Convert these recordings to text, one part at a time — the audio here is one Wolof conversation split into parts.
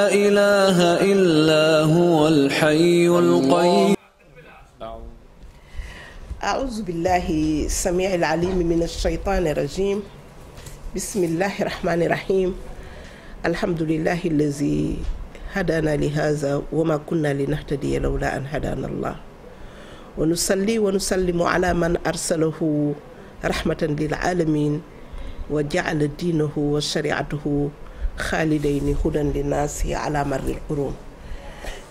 لا إله إلا هو الحي القيوم أعوذ بالله السميع العليم من الشيطان الرجيم بسم الله الرحمن الرحيم الحمد لله الذي هدانا لهذا وما كنا لنهتدي لولا أن هدانا الله ونصلي ونسلم على من أرسله رحمة للعالمين وجعل دينه وشريعته خالدين هدى للناس على مر القرون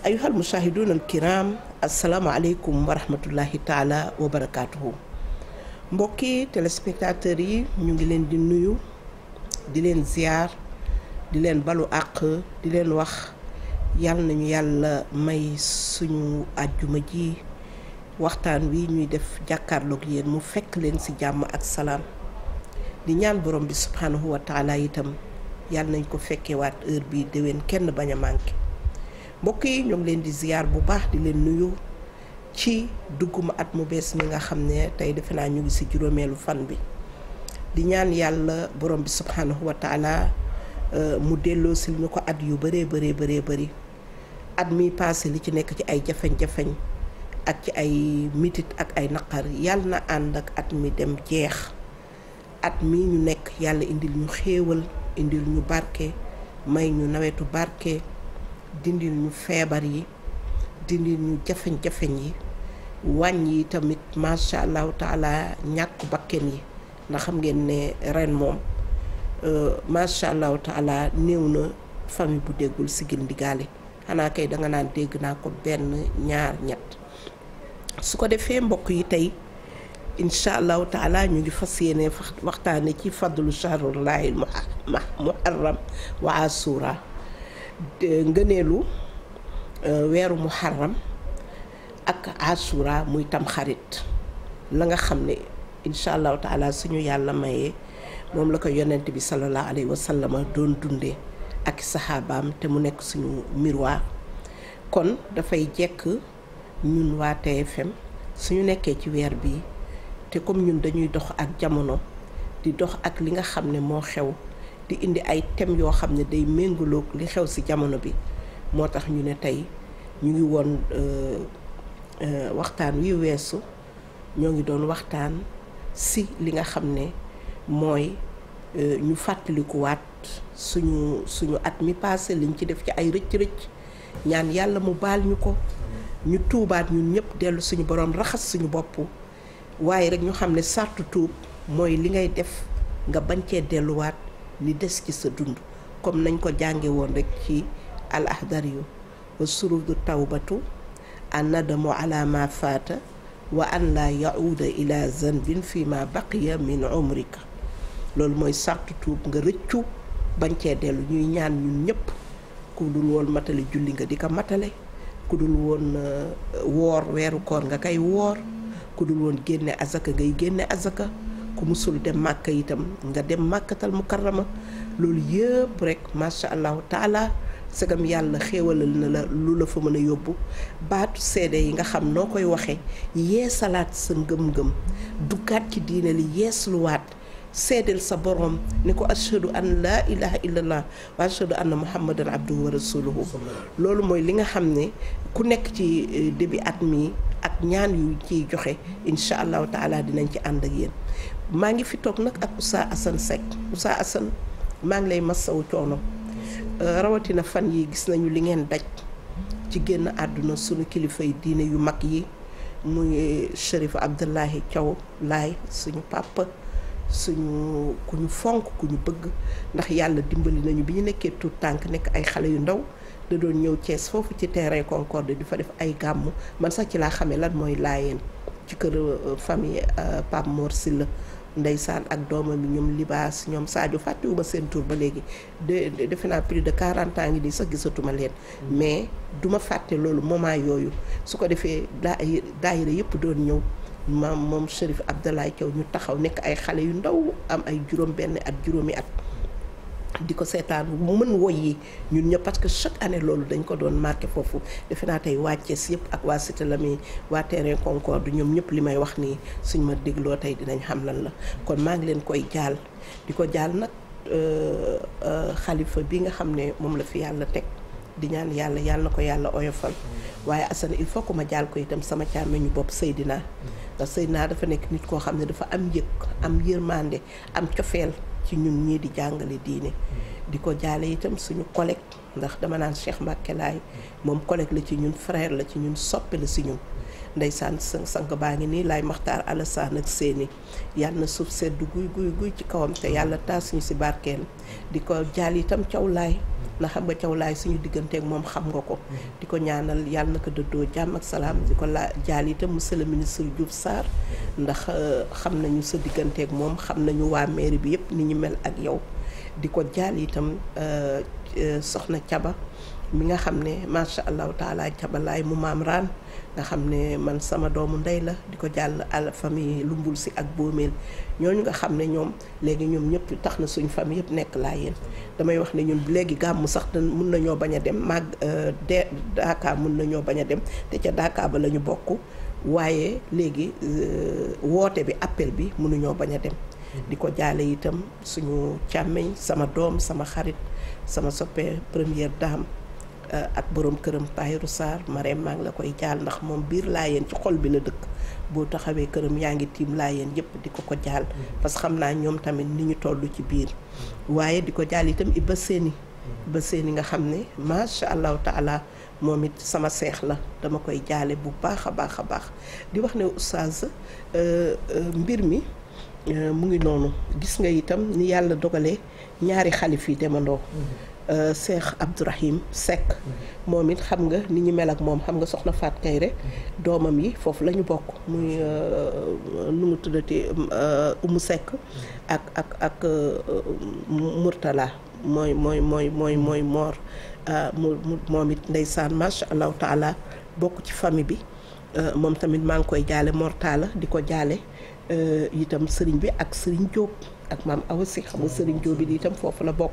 أيها المشاهدون الكرام السلام عليكم ورحمة الله تعالى وبركاته mbokki téléspectateurs yi ñu ngi leen di nuyu di leen ziar di leen balu àq di leen wax yàlla nañu yàlla may suñu àjjuma ji waxtaan wi ñuy def jàkkaarloog yéen mu fekk leen ci jàmm ak salaam di ñaan borom bi subhanahu wa itam yàlla nañ ko fekkewaat heure bii déwén kenn bañ a manqué mbokk yi ñoo ngi leen di ziyaar bu baax di leen nuyu ci dugguma at mu bees mi nga xam ne tey defe naa ñu ngi ci juróomeelu fan bi di ñaan yàlla borom bi subhanahu wa taala euh, mu delloo si ñu ko at yu bëree bëree bëree bëri at mi passé li ci nekk ci ay jafeñ jafeñ ak ci ay mitit ak ay naqar yàlla na ànd ak at mi dem jeex at mi ñu nekk yàlla indil ñu xéewal indi ñu barke may ñu nawetu barke dindi ñu feebar yi dindi ñu jafeñ jafe yi wàññi yi tamit macha allahu taala ñàkk bakken yi ndax xam ngeen ne ren moom euh, macha allahu taala néew na famille bu déggul sigil ndigaale xanaa kay danga naan dégg naa ko benn ñaar ñett su ko defee mbokk yi tey. incha allahu taala ñu ngi fas yéene waxtaane ci fadlu shahrullahi muharram wa asura ngëneelu euh, weeru muharram ak asura muy tamxarit la nga xam ne incha allahu taala suñu yàlla mayee moom la ko yonent bi sallallahu alayhi wa doon dundee ak saxaabaam te mu nekk suñu miroir kon dafay jekk ñun waa TFM suñu nekkee ci weer bi te comme ñun dañuy dox ak jamono di dox ak li nga xam ne moo xew di indi ay thèmes yoo xam ne day méngaloog li xew ci jamono bi moo tax ñu ne tey ñu ngi woon euh, euh, waxtaan wi weesu ñoo ngi doon waxtaan si li nga xam ne mooy euh, ñu fàttalikuwaat suñu suñu at mi passé liñ ci def ci ay rëcc-rëcc ñaan yàlla mu baal ñu ko ñu tuubaat ñun ñëpp dellu suñu boroom raxas suñu bopp waaye rek ñu xam ne sartu tuub mooy li ngay def nga bañ cee delluwaat li des ci sa dund comme nañ ko jànge woon rek ci al ahdar yu wa surudu tawbatu an nadamu ala ma faata wa an la yauda ila zanbin fi ma baqiya min umrika loolu mooy sartu tuub nga rëccu bañ cee dellu ñuy ñaan ñun ñëpp ku dul woon matale julli nga di ko matale ku dul woon euh, woor weeru koor nga koy woor ku dul woon génne azaka ngay génne azaka ku mosul dem màkka itam nga dem màkkatal mukarrama loolu yëpp rek macha allahu taala sagam yàlla xéewalal na la lu la fa mën a yóbbu baatu seede yi nga xam noo koy waxee yeesalaat sa ngëm-ngëm duggaat ci diine li yeesluwaat seedeel sa borom ne ko ashadu an laa ilaha illallah wa ashadu anna muhammadan abduhu wa rasuluhu loolu mooy li nga xam ne ku nekk ci eh, début at mi ak ñaan yu ciy joxe incha allahu taala dinañ ci ànd ak yéen maa ngi fi toog nag ak Oustaz Assane Seck Oustaz Assane maa ngi lay massawu coono euh, rawatina fan yi gis nañu li ngeen daj ci génn àdduna suñu kilifay diine yu mag yi muy Chérif Abdoulahi Thiaw Laay suñu papa suñu kuñu ñu fonk ku ñu bëgg ndax yàlla dimbali nañu bi ñu nekkee tuut tànk nekk ay xale yu ndaw da doon ñëw Thiès foofu ci terrain Concorde du fa def ay gàmmu man sax ci laa xamee lan mooy laayeen ci kër euh, famille euh, Pape Mor la ndeysaan ak doomam yi ñoom libaas ñoom Sadio fàttewuma seen tour ba léegi de defe naa plus de quarante ans ngi di sax gisatuma leen. Mm. mais duma fàtte loolu moment yooyu su ko defee daa daayira yëpp doon ñëw. maam moom Chérif Abdoulaye cow ñu taxaw nekk ay xale yu ndaw am ay juróom benn at juróomi at di ko seetaan mu mën woy yi ñun ñëpp parce que chaque année loolu dañ ko doon marqué foofu defe naa tey waa Thiès yëpp ak waa Cité Lamy waa terrain Concorde ñoom ñëpp li may wax nii suñ ma dégloo tey dinañ xam lan la kon maa ngi leen koy jaal di ko jaal nag euh, euh, xalifa bi nga xam ne moom la fi yàlla teg di ñaan yàlla yàlla na ko yàlla oyofal waaye Assane il faut que ma jaal ko itam sama càmmiñu bopp Seydina ndax Seydina dafa nekk nit koo xam ne dafa am yëg am yërmande am cofeel ci ñun ñii di jàngale diine di ko jaale itam suñu collègue ndax dama naan Cheikh Mbacke Laay moom collègue la ci ñun frère la ci ñun soppe la si ñun ndeysaan sang baa ngi nii laay maxtaar alasaan ak seeni yàlla na suuf sedd guy guy guy ci kawam te yàlla taas ñu si barkeel di ko jaal itam caw laay ndax Abba Thiaw Laye suñu digganteek moom xam nga ko di ko ñaanal yàlla na ko dëddoo jàmm ak salaam di ko laa jaal itam monsieur le ministre Diouf saar ndax euh, xam nañu sa digganteek moom xam nañu waa mairie bi yëpp ni ñu mel ak yow di ko jaal itam euh, euh, soxna Caba mi nga xam ne macha allahu taala Caba mu maam raan nga xam ne man sama doomu ndey la di ko jàll à famille lumbul si ak boomeel ñooñu nga xam ne ñoom léegi ñoom ñëpp tax na suñu famille yëpp nekk laa yéen damay wax ne ñun léegi gàmmu sax mun nañoo bañ a dem mag euh, de daakaar mun nañoo bañ a dem te ca daaka ba la ñu bokk waaye léegi euh, woote bi appel bi mënuñoo bañ a dem di ko jaale itam suñu càmmeñ sama doom sama xarit sama soppe première dame Euh, ak borom këram Tahirou Sarr Marème maa ngi la koy jaal ndax moom biir laa laayeen ci xol bi na dëkk boo taxawee këram yaa ngi tiim laa laayeen yëpp di ko ko jaal parce que xam naa ñoom tamit ni ñu toll ci biir waaye di ko jaal itam Iba Séni Iba Séni nga xam ne macha allahu taala moom it sama seex la dama koy jaale bu baax a baax a baax di wax ne oustaz euh, euh, mbir mi mu ngi noonu gis nga itam ni yàlla dogalee ñaari xalif yi demandoo Euh, Cheikh Abdourahim Seck moom it xam nga ni ñu mel ak moom xam nga soxna Faat Kayre doomam yi foofu la ñu bokk muy euh, nu mu tuddati euh, Umu Seck ak ak ak Murtala mooy mooy mooy mooy mooy moor mu moom it ndeysaan macha allahu taala bokk ci famille bi moom tamit maa ngi koy jaale Mor di ko jaale itam sëriñ bi ak sëriñ Diop ak maam Awa Si xamul sëriñ Jóobi di itam foofu la bokk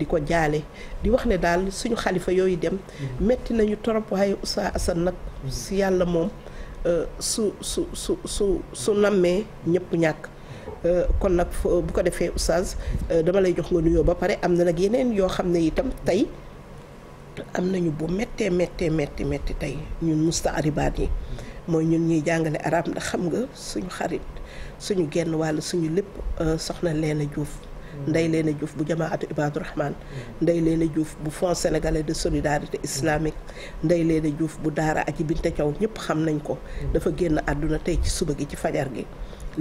di ko jaale di wax ne daal suñu xalifa yooyu dem mhm. metti nañu torop waaye Oustaz Assane nag mhm. si yàlla moom euh, su su su su su nammee ñëpp ñàkk euh, kon nag bu ko defee Oustaz euh, dama lay jox nga nuyoo ba pare am na nag yeneen yoo xam ne itam tey am nañu bu méttee méttee metti métti tey ñun musta aribaat yi mhm. mooy ñun ñuy jàngale arab ndax xam nga suñu xarit suñu genn wàll suñu lépp euh, soxna Leena Diouf mm. Ndeye Leena Diouf bu jamaatu Ibadu Rahman mm. Ndeye Leena Diouf bu Fonds sénégalais de solidarité mm. islamique Ndeye Leena Diouf bu Daara Aji Binte Thiaw ñëpp xam nañ ko dafa génn àdduna tey ci suba gi ci fajar gi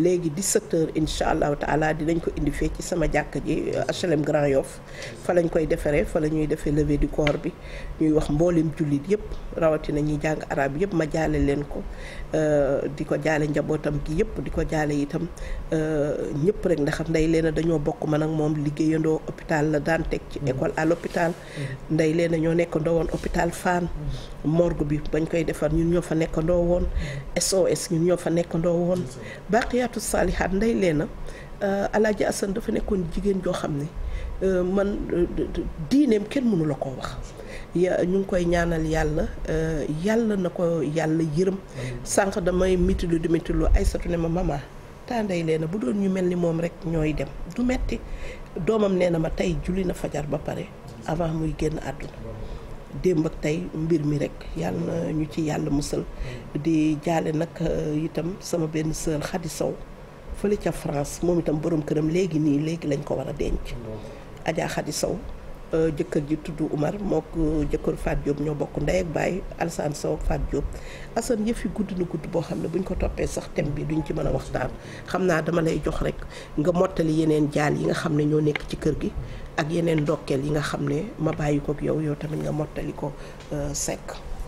léegi di secteur incha allahu taala dinañ ko indi fee ci sama jàkk ji euh, HLM Grand Yoff fa lañ koy defaree fa la ñuy defee levée du corps bi ñuy wax mboolem jullit yëpp rawatina ñuy jàng arab yëpp ma jaale leen ko Euh, di ko jaale njabootam gi yëpp di ko jaale itam euh, ñëpp rek ndax nday leena dañoo bokk man ak moom liggéeyandoo hôpital la daan teg ci mm-hmm. école à l'hôpital mm-hmm. nday leena ñoo nekkandoo woon hôpital Fann mm-hmm. morgue bi bañ koy defar ñun ñoo fa nekkandoo woon SOS ñun ñoo fa nekkandoo woon Baaqiyaatu Saalihaat nday leena euh, Alaaji Asan dafa nekkoon jigéen joo xam ne man diineem kenn mënula la koo wax ñu ngi koy ñaanal yàlla euh, yàlla na ko yàlla yërëm sànq damay mitilu di mitilu ay satu ne ma mama tànday na bu doon ñu mel ni moom rek ñooy dem du metti doomam nee na ma tey julli na fajar ba pare avant muy génn àdduna démb tey mbir mi rek yàlla na ñu ci yàlla musal di jaale nag euh, itam sama benn sœur Khady Sow fële ca France moom itam borom këram léegi nii léegi lañ ko war a denc Adja Khady Sow jëkkër ji tudd Umar mook euh, jëkkër Fat Diop ñoo bokk ndey ak baay Alassane Sow ak Fat Diop Assane yëf yi gudd na gudd boo xam ne buñ ko toppee sax thème bi duñ ci mën a waxtaan xam naa dama lay jox rek nga mottali yeneen jaal yi nga xam ne ñoo nekk ci kër gi ak yeneen ndokkeel yi nga xam ne ma bàyyi ko yow yow tamit nga mottali ko euh, sekk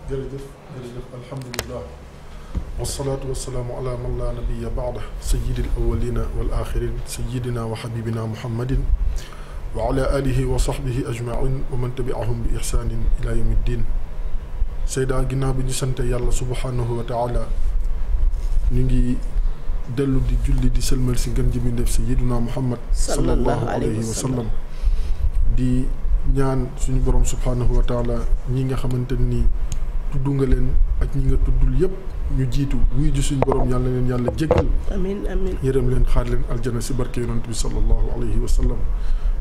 jërëjëf jërëjëf alhamdulilah wasalaatu wasalaamu ala man laa nabiya baada sayidil awalina wal axirin sayidina wa ala alihi wa sahbihi ajmain wa man tabiahum bi ihsanin ila yawmi ddin Seyda ginnaaw bi ñu sante yàlla subhanahu wa taala ñu ngi dellu di julli di sëlmal si ngën ji mbindéef sayyiduna Muhammad sallallahu alayhi wa sallam di ñaan suñu borom subhanahu wa taala ñi nga xamante nii tudd nga leen ak ñi nga tuddul yépp ñu jiitu wuy ji suñu borom yàlla leen yàlla jéggal amiin amiin yërëm leen xaar leen aljana si barke yonent bi sallallahu alayhi wa sallam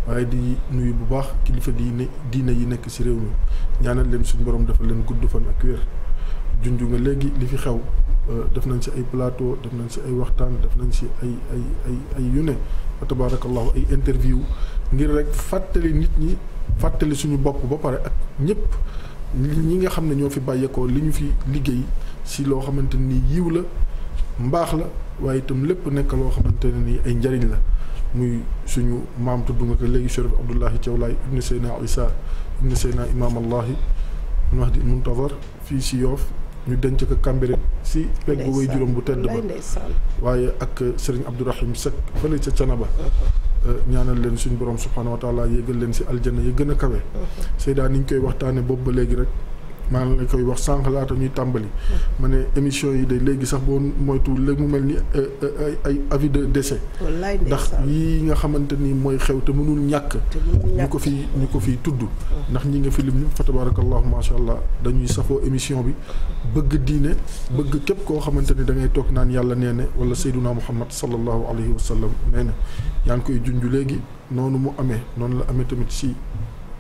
waaye di nuyu bu baax kilifa diine diine yi nekk ci réew mi ñaanal leen suñu borom dafa leen gudd fan ak wér junj nga léegi li fi xew euh, def nañ ci ay plateau def nañ ci ay waxtaan def nañ ci ay ay ay ay yu ne fa tabarakallahu ay interview ngir rek fàttali nit ñi fàttali suñu bopp ba pare ak ñëpp ñi nga xam ne ñoo fi bàyyeekoo li ñu fi liggéey si loo xamante nii yiw la mbaax la waaye itam lépp nekk loo xamante ne nii ay njariñ la. muy suñu maam tudd nga ko léegi Cherif Abdoulahi Thiawlaay ibnu Seyna Isa ibnu Seyna Imaam Allahi Mahdi Muntazar fii si Yoof ñu denc ko Cambérène si peggu way juróom bu tedd ba waaye ak Serigne Abdourahim Seck fële ca Canaba euh, ñaanal leen suñ borom subhaanahu wa taala yéegal leen si aljana yi gën a kawe Seydaa ni ñu koy waxtaane boobu ba léegi rek maa ngi la koy wax sànq laata ñuy tàmbali. ma ne émission yi de léegi sax boo moytu léegi mu mel ni euh, euh, ay ay avis de décès. ndax yi nga xamante ni mooy xew te mënul ñàkk. ñu ko fi ñu ko fi tudd. ndax ñi nga fi lim fa tabarakallahu macha allah dañuy safoo émission bi bëgg diine bëgg képp koo xamante ni da ngay toog naan yàlla nee na wala sayduna muhammad sallallahu alayhi wa sallam nee na yaa koy junj léegi noonu mu amee noonu la amee tamit si.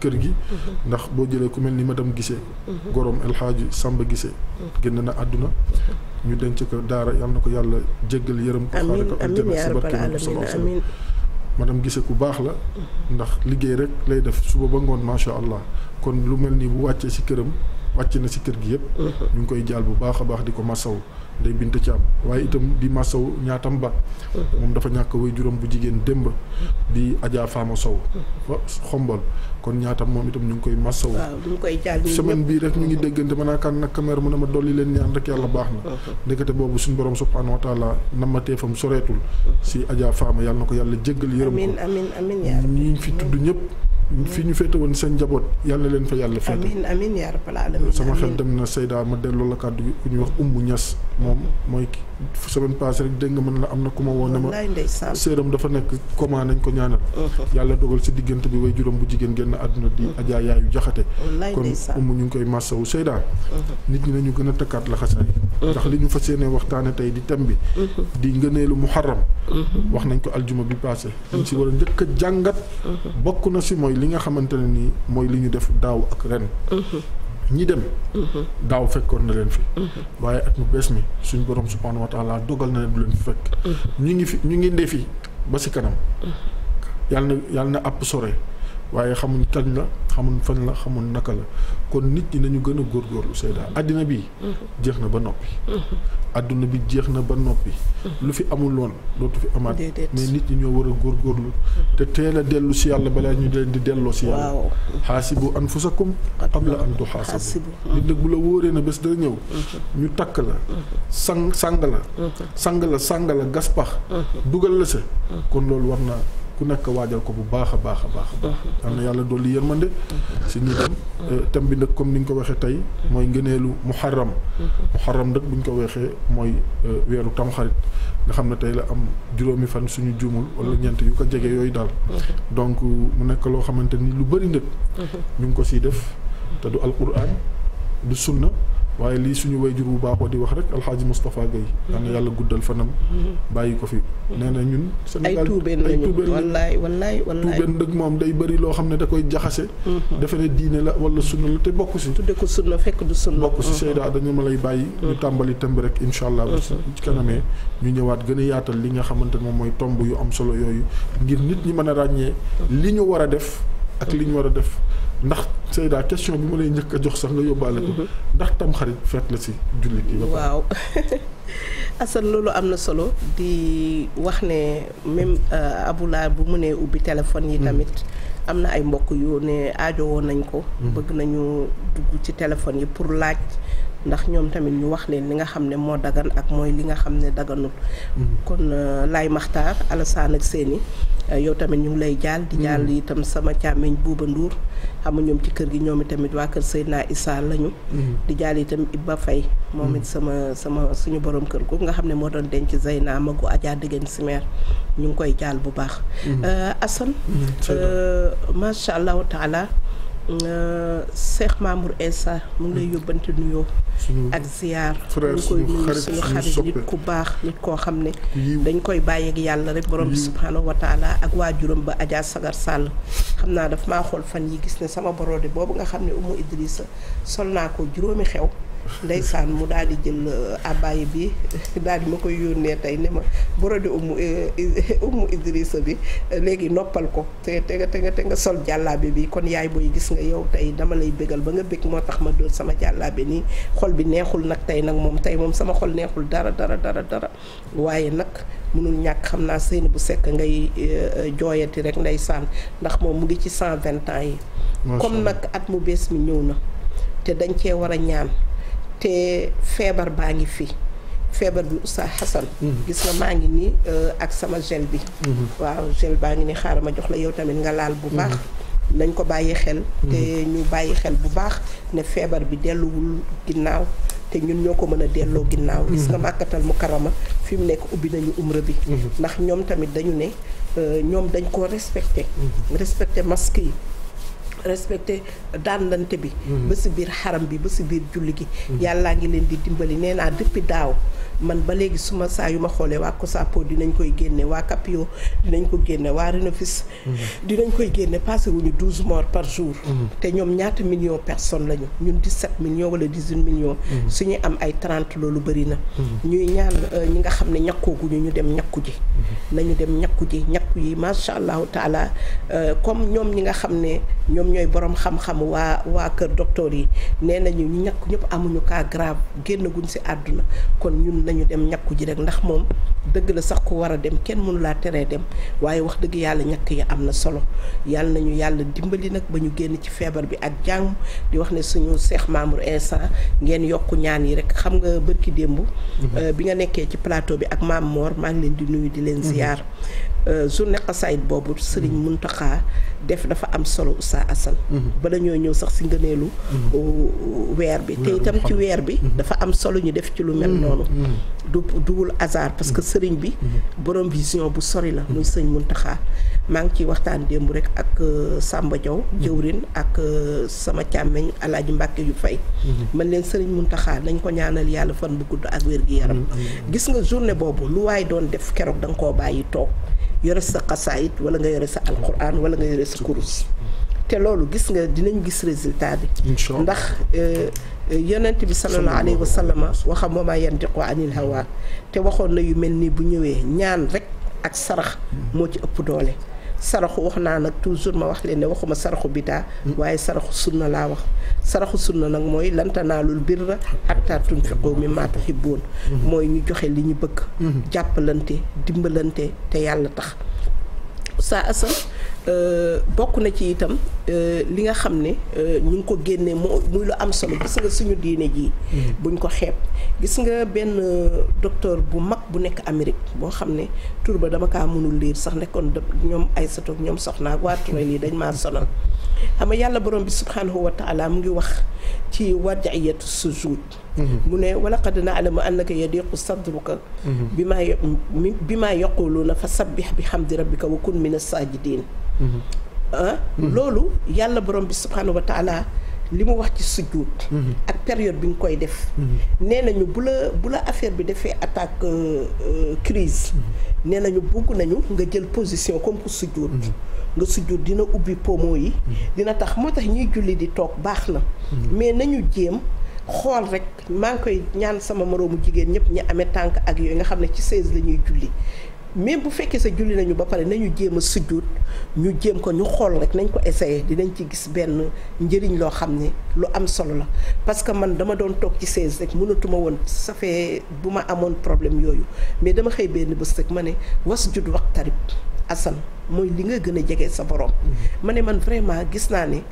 kër gi mhm. ndax boo jëlee ku mel ni madame Guissé mhm. gorom El Hadji Samba Guissé mhm. génn na àdduna ñu denc ko daara yal na ko yàlla jéggal yërëm ko xaare ko aljana si barke sallallahu madame gise ku baax la ndax liggéey rek lay def suba ba ngoon macha allah kon lu mel nii bu wàccee si këram wàcc na si kër gi yëpp ñu ngi koy jaal bu baax a baax di ko masaw day bint ci am waaye itam di masaw ñaatam ba moom dafa ñàkk way juróom bu jigéen démb di ajaa Fama Sow fa xombal kon ñaatam moom itam ñu ngi koy masaw semaine bii rek ñu ngi déggante manaakaan nag caméra mu ne ma dolli leen ñaan rek yàlla baax na ndekete boobu suñu borom subhaanahu wa taala namateefam soreetul si Adja Fama yàlla na ko yàlla jéggal yërëm ko fi tudd ñëpp fi ñu fetewoon woon seen njaboot yàlla leen fa yàlla féete amiin amiin yaa rabbal aalamiin sama xel dem na Seyda ma delloo la kàddu gi ku ñu wax Oumou ñas moom mooy kii semaine passée rek dégg mën la am na ku ma woo ne ma séeram dafa nekk comment nañ ko ñaanal uh-huh. yàlla dogal si diggante bi way juróom bu jigéen génn àdduna di uh-huh. ajaa yaayu jaxate kon umu ñu ngi koy massawu Seyda uh-huh. nit ñi nañu gën a takkaat la xasaay ndax li ñu fas yéene waxtaane tey di thème bi di ngëneelu muharram wax nañ ko aljuma bi passé liñ si war a njëkk a jàngat bokk na si mooy li nga xamante ne nii mooy li ñu def daaw ak ren ñi dem mhm. daaw fekkoon na leen fi mhm. waaye at mu bees mi suñ borom subhanahu wa taala dogal na ne du leen fi fekk mhm. ñu ngi fi ñu ngi ndefi ba si kanam yàlla na yàlla na àpp sore waaye xamuñ kañ la xamuñ fan la xamuñ naka la kon nit ñi nañu gën a góorgóorlu Seyda àddina mm-hmm. mm-hmm. bi jeex na ba noppi àdduna bi jeex na ba noppi lu fi amul woon dootu fi amaat mais nit ñi ñoo war a mm-hmm. te teel a dellu si yàlla balaa ñu leen di delloo si yàlla xaasibu anfusakum qabla an tuxaasabu nit nag bu la wóoree na bés dana ñëw ñu takk la sang sang la sang la sang la gas dugal la sa kon loolu war naa ku nekk waajal ko bu baax a baax a baax a baax mm-hmm. na yàlla dolli yërmande si ñi dem thème bi nag comme ni nga ko waxee tey mm-hmm. mooy ngëneelu muharram mm-hmm. muharram nag bu ñu ko waxee mooy eh, weeru tamxarit nga xam na tey la am juróomi fan suñu juumul wala ñeent yu ko jege yooyu daal donc mu nekk loo xamante ni lu bëri nag ñu ngi ko siy def te du alquran du sunna waaye lii suñu wayjur bu baaxoo di wax rek alxaaji Moustapha Guèye da mm-hmm. yàlla guddal fanam mm-hmm. bàyyi ko fi mm-hmm. nee na ñun Sénégal ay tuubeen lañu wallaay wallaay wallaay tuubeen dëgg moom day bëri loo xam ne da koy jaxase defe ne diine la wala sunna la te bokk si tudde ko sunna fekk du bokk si Seyda dañu ma lay bàyyi ñu tàmbali tëmb rek incha allah bu ci kanamee ñu ñëwaat gën a yaatal li nga xamante ne moom mooy tomb yu am solo yooyu ngir nit ñi mën a ràññee li ñu war a def ak li ñu war a def ndax Seyda question bi ma lay njëkk a jox sax nga yóbbaale ko. Mhm. ndax tam xarit feet la si jullit yi. waaw Assane loolu am na solo di wax ne même euh, Aboula bu mu nee ubbi téléphone yi mhm. tamit. am na ay mbokk yu ne aajo woon nañ ko. Mhm. bëgg nañu dugg ci téléphone yi pour laaj. ndax ñoom tamit ñu wax leen li nga xam ne moo dagan ak mooy li nga xam ne daganul kon euh, Laye Makhtar Alassane ak seeni euh, yow tamit ñu ngi lay jaal di jaal mm-hmm. itam sama càmmiñ Bouba Ndour xam nga ñoom ci kër gi ñoom itamit waa kër Seydina Issa lañu mm-hmm. di jaal itam Ibba moom it mm-hmm. sama sama suñu borom kër googu nga xam ne moo doon denc naa Magu Adja Dëggan Simeer ñu ngi koy jaal bu baax euh, Assane macha allahu taala Cheikh Mamour Essa mu ngi lay yóbbante nuyoo ak ziar ñu koy nuyu suñu xarit nit ku baax nit koo xam ne dañ koy bàyyi yàlla rek borom bi subhaanahu wa taala ak waajuram ba Adja Sagar Sall xam naa dafa maa xool fan yi gis ne sama borode boobu nga xam ne Umu Idrissa sol naa ko juróomi xew ndeysaan mu daal di jël euh, abbaay bi daal di ma koy yónnee tey ne ma borodi umu euh, umu Idrissa bi euh, léegi noppal ko te te nga sol jàllaabe bi kon yaay booy gis nga yow tey dama lay bégal ba nga bég moo tax ma dóor sama jàllaabe nii xol bi neexul nag tey nag moom tey moom sama xol neexul dara dara dara dara waaye nag mënul ñàkk xam naa seen bu sekk ngay jooyati rek ndeysaan ndax moom mu ngi ci cent vingt ans yi comme nag at mu bees mi ñëw na te dañ cee war a ñaan te feebar baa ngi fi feebar bi Oustaz Assane mhm. gis nga maa ngi nii euh, ak sama gel bi mhm. waaw gel baa ngi ni xaaral ma jox la yow tamit nga laal bu baax mhm. nañ ko bàyyi xel te ñu bàyyi xel bu baax ne feebar bi delluwul ginnaaw te ñun ñoo ko mën a delloo ginnaaw gis nga màkkatal mu karama fi mu nekk ubbi nañu umra bi ndax ñoom tamit dañu ne euh, ñoom dañ ko respecté respecté masque yi respecté daanlante bi mm-hmm. ba si biir xaram bi ba si biir julli gi mm-hmm. yàllaa ngi leen di dimbali nee naa depuis daaw man ba léegi suma saa yu ma xoolee waa COSAPO dinañ koy génne waa Capio dinañ ko génne waa Renofis mhm. dinañ koy génne passé wuñu douze morts par jour mhm. te ñoom ñaata million personne lañu ñun dix-sept millions wala dix-huit millions mhm. suñu am ay trente loolu bari na ñuy ñaan euh, ñi nga xam ne ñakkooguñu ñu dem ñakku ji nañu dem ñakku ji ñakku yi macha allahu taala euh, comme ñoom ñi nga xam ne ñoom ñooy boroom xam-xam waa waa kër docteur yi nee nañu ñu ñakku ñëpp amuñu cas grave si àdduna nañu dem ñàkku ji rek ndax moom dëgg la sax ku war a dem kenn mënu laa teree dem waaye wax dëgg yàlla ñàkk yi am na solo yàlla nañu yàlla dimbali nag ba ñu génn ci feebar bi ak jàng di wax ne suñu seex membre instant ngeen yokku ñaan yi rek xam nga bërki démb mhm. euh, bi nga nekkee ci plateau bi ak maam moor maa ngi leen di nuyu di leen mhm. ziyaar Euh, journée xasaayit boobu sëriñ mm-hmm. Muntaxa def dafa am solo Oustaz Assane mm-hmm. bala ñoo ñëw sax si ngëneelu mm-hmm. euh, weer bi te itam ci weer bi dafa am solo ñu def ci lu mel noonu du duwul hasard parce que sëriñ bi borom vision bu sori la muy sëriñ Muntaxa maa ngi ciy waxtaan démb rek ak euh, Samba jow jëwrin ak sama càmmeñ Alaaji Mbàkke yu fay man leen sëriñ Muntaxa nañ ko ñaanal yàlla fan bu gudd ak wér gi yaram gis nga journée boobu lu waaye doon def keroog da nga koo bàyyi toog yore sa xasaayit wala nga yore sa alquran wala nga yore sa kurus te loolu gis nga dinañ gis résultat bi ndax euh, euh, yonent bi sallallahu alayhi wa sallama waxa moomaa yantiqu anil hawa te waxoon na yu mel nii bu ñëwee ñaan rek ak sarax moo ci ëpp doole saraxu wax naa nag toujours ma wax leen ne waxuma saraxu bidaa hmm. waaye saraxu sunna laa wax saraxu sunna nag mooy lan tanaalul birra hattaa tunfiqu mimmaa tuhibbuun hmm. mooy ñu joxe li ñu bëgg hmm. jàppalante dimbalante te yàlla tax saa asa Euh, bokk na ci itam euh, li nga xam ne euh, ñu ngi ko génnee mu muy lu am solo gis nga suñu diine jii. Mm-hmm. buñ ko xeeb gis nga benn docteur bu mag bu nekk Amérique boo xam ne tour ba dama kaa mënul liir sax nekkoon ñoom ay satoog ñoom soxnaak waa Touré nii dañ ma sonal. xam nga yàlla borom bi subhaanahu wa taala mu ngi wax ci su sujud mm-hmm. mu ne wala qad naalamu annaka yadiqu sadruka bi maa mm-hmm. bi maa na fa sabbix bi xam xamdi rabbika wa kun min as-saajidin Mm-hmm. Ah? loolu yàlla borom bi subhaanahu wa li mu wax ci sujjuut mm-hmm. ak période bi nga koy def mm-hmm. nee nañu bu la bu la affaire bi defee attaque euh, euh, crise nee nañu bugg nañu nga jël position comme ku sujjuut nga sujjuut dina ubbi pomo yi dina tax moo tax ñuy julli di toog baax na mais nañu jéem xool rek maa ngi koy ñaan sama moroomu jigéen ñëpp ñi amee tànk ak yooyu nga xam ne ci 16 la ñuy julli mais bu fekkee sa julli nañu ba pare nañu jéem a sujjuut ñu jéem ko ñu xool rek nañ ko essayé dinañ ci gis benn njëriñ loo xam ne lu am solo la parce que man dama doon toog ci seize rek mënatuma woon ça bu ma amoon problème yooyu mais dama xëy benn bés rek ma ne was jud waxtarib asan mooy li nga gën a jege sa borom. ma ne man vraiment gis naa ne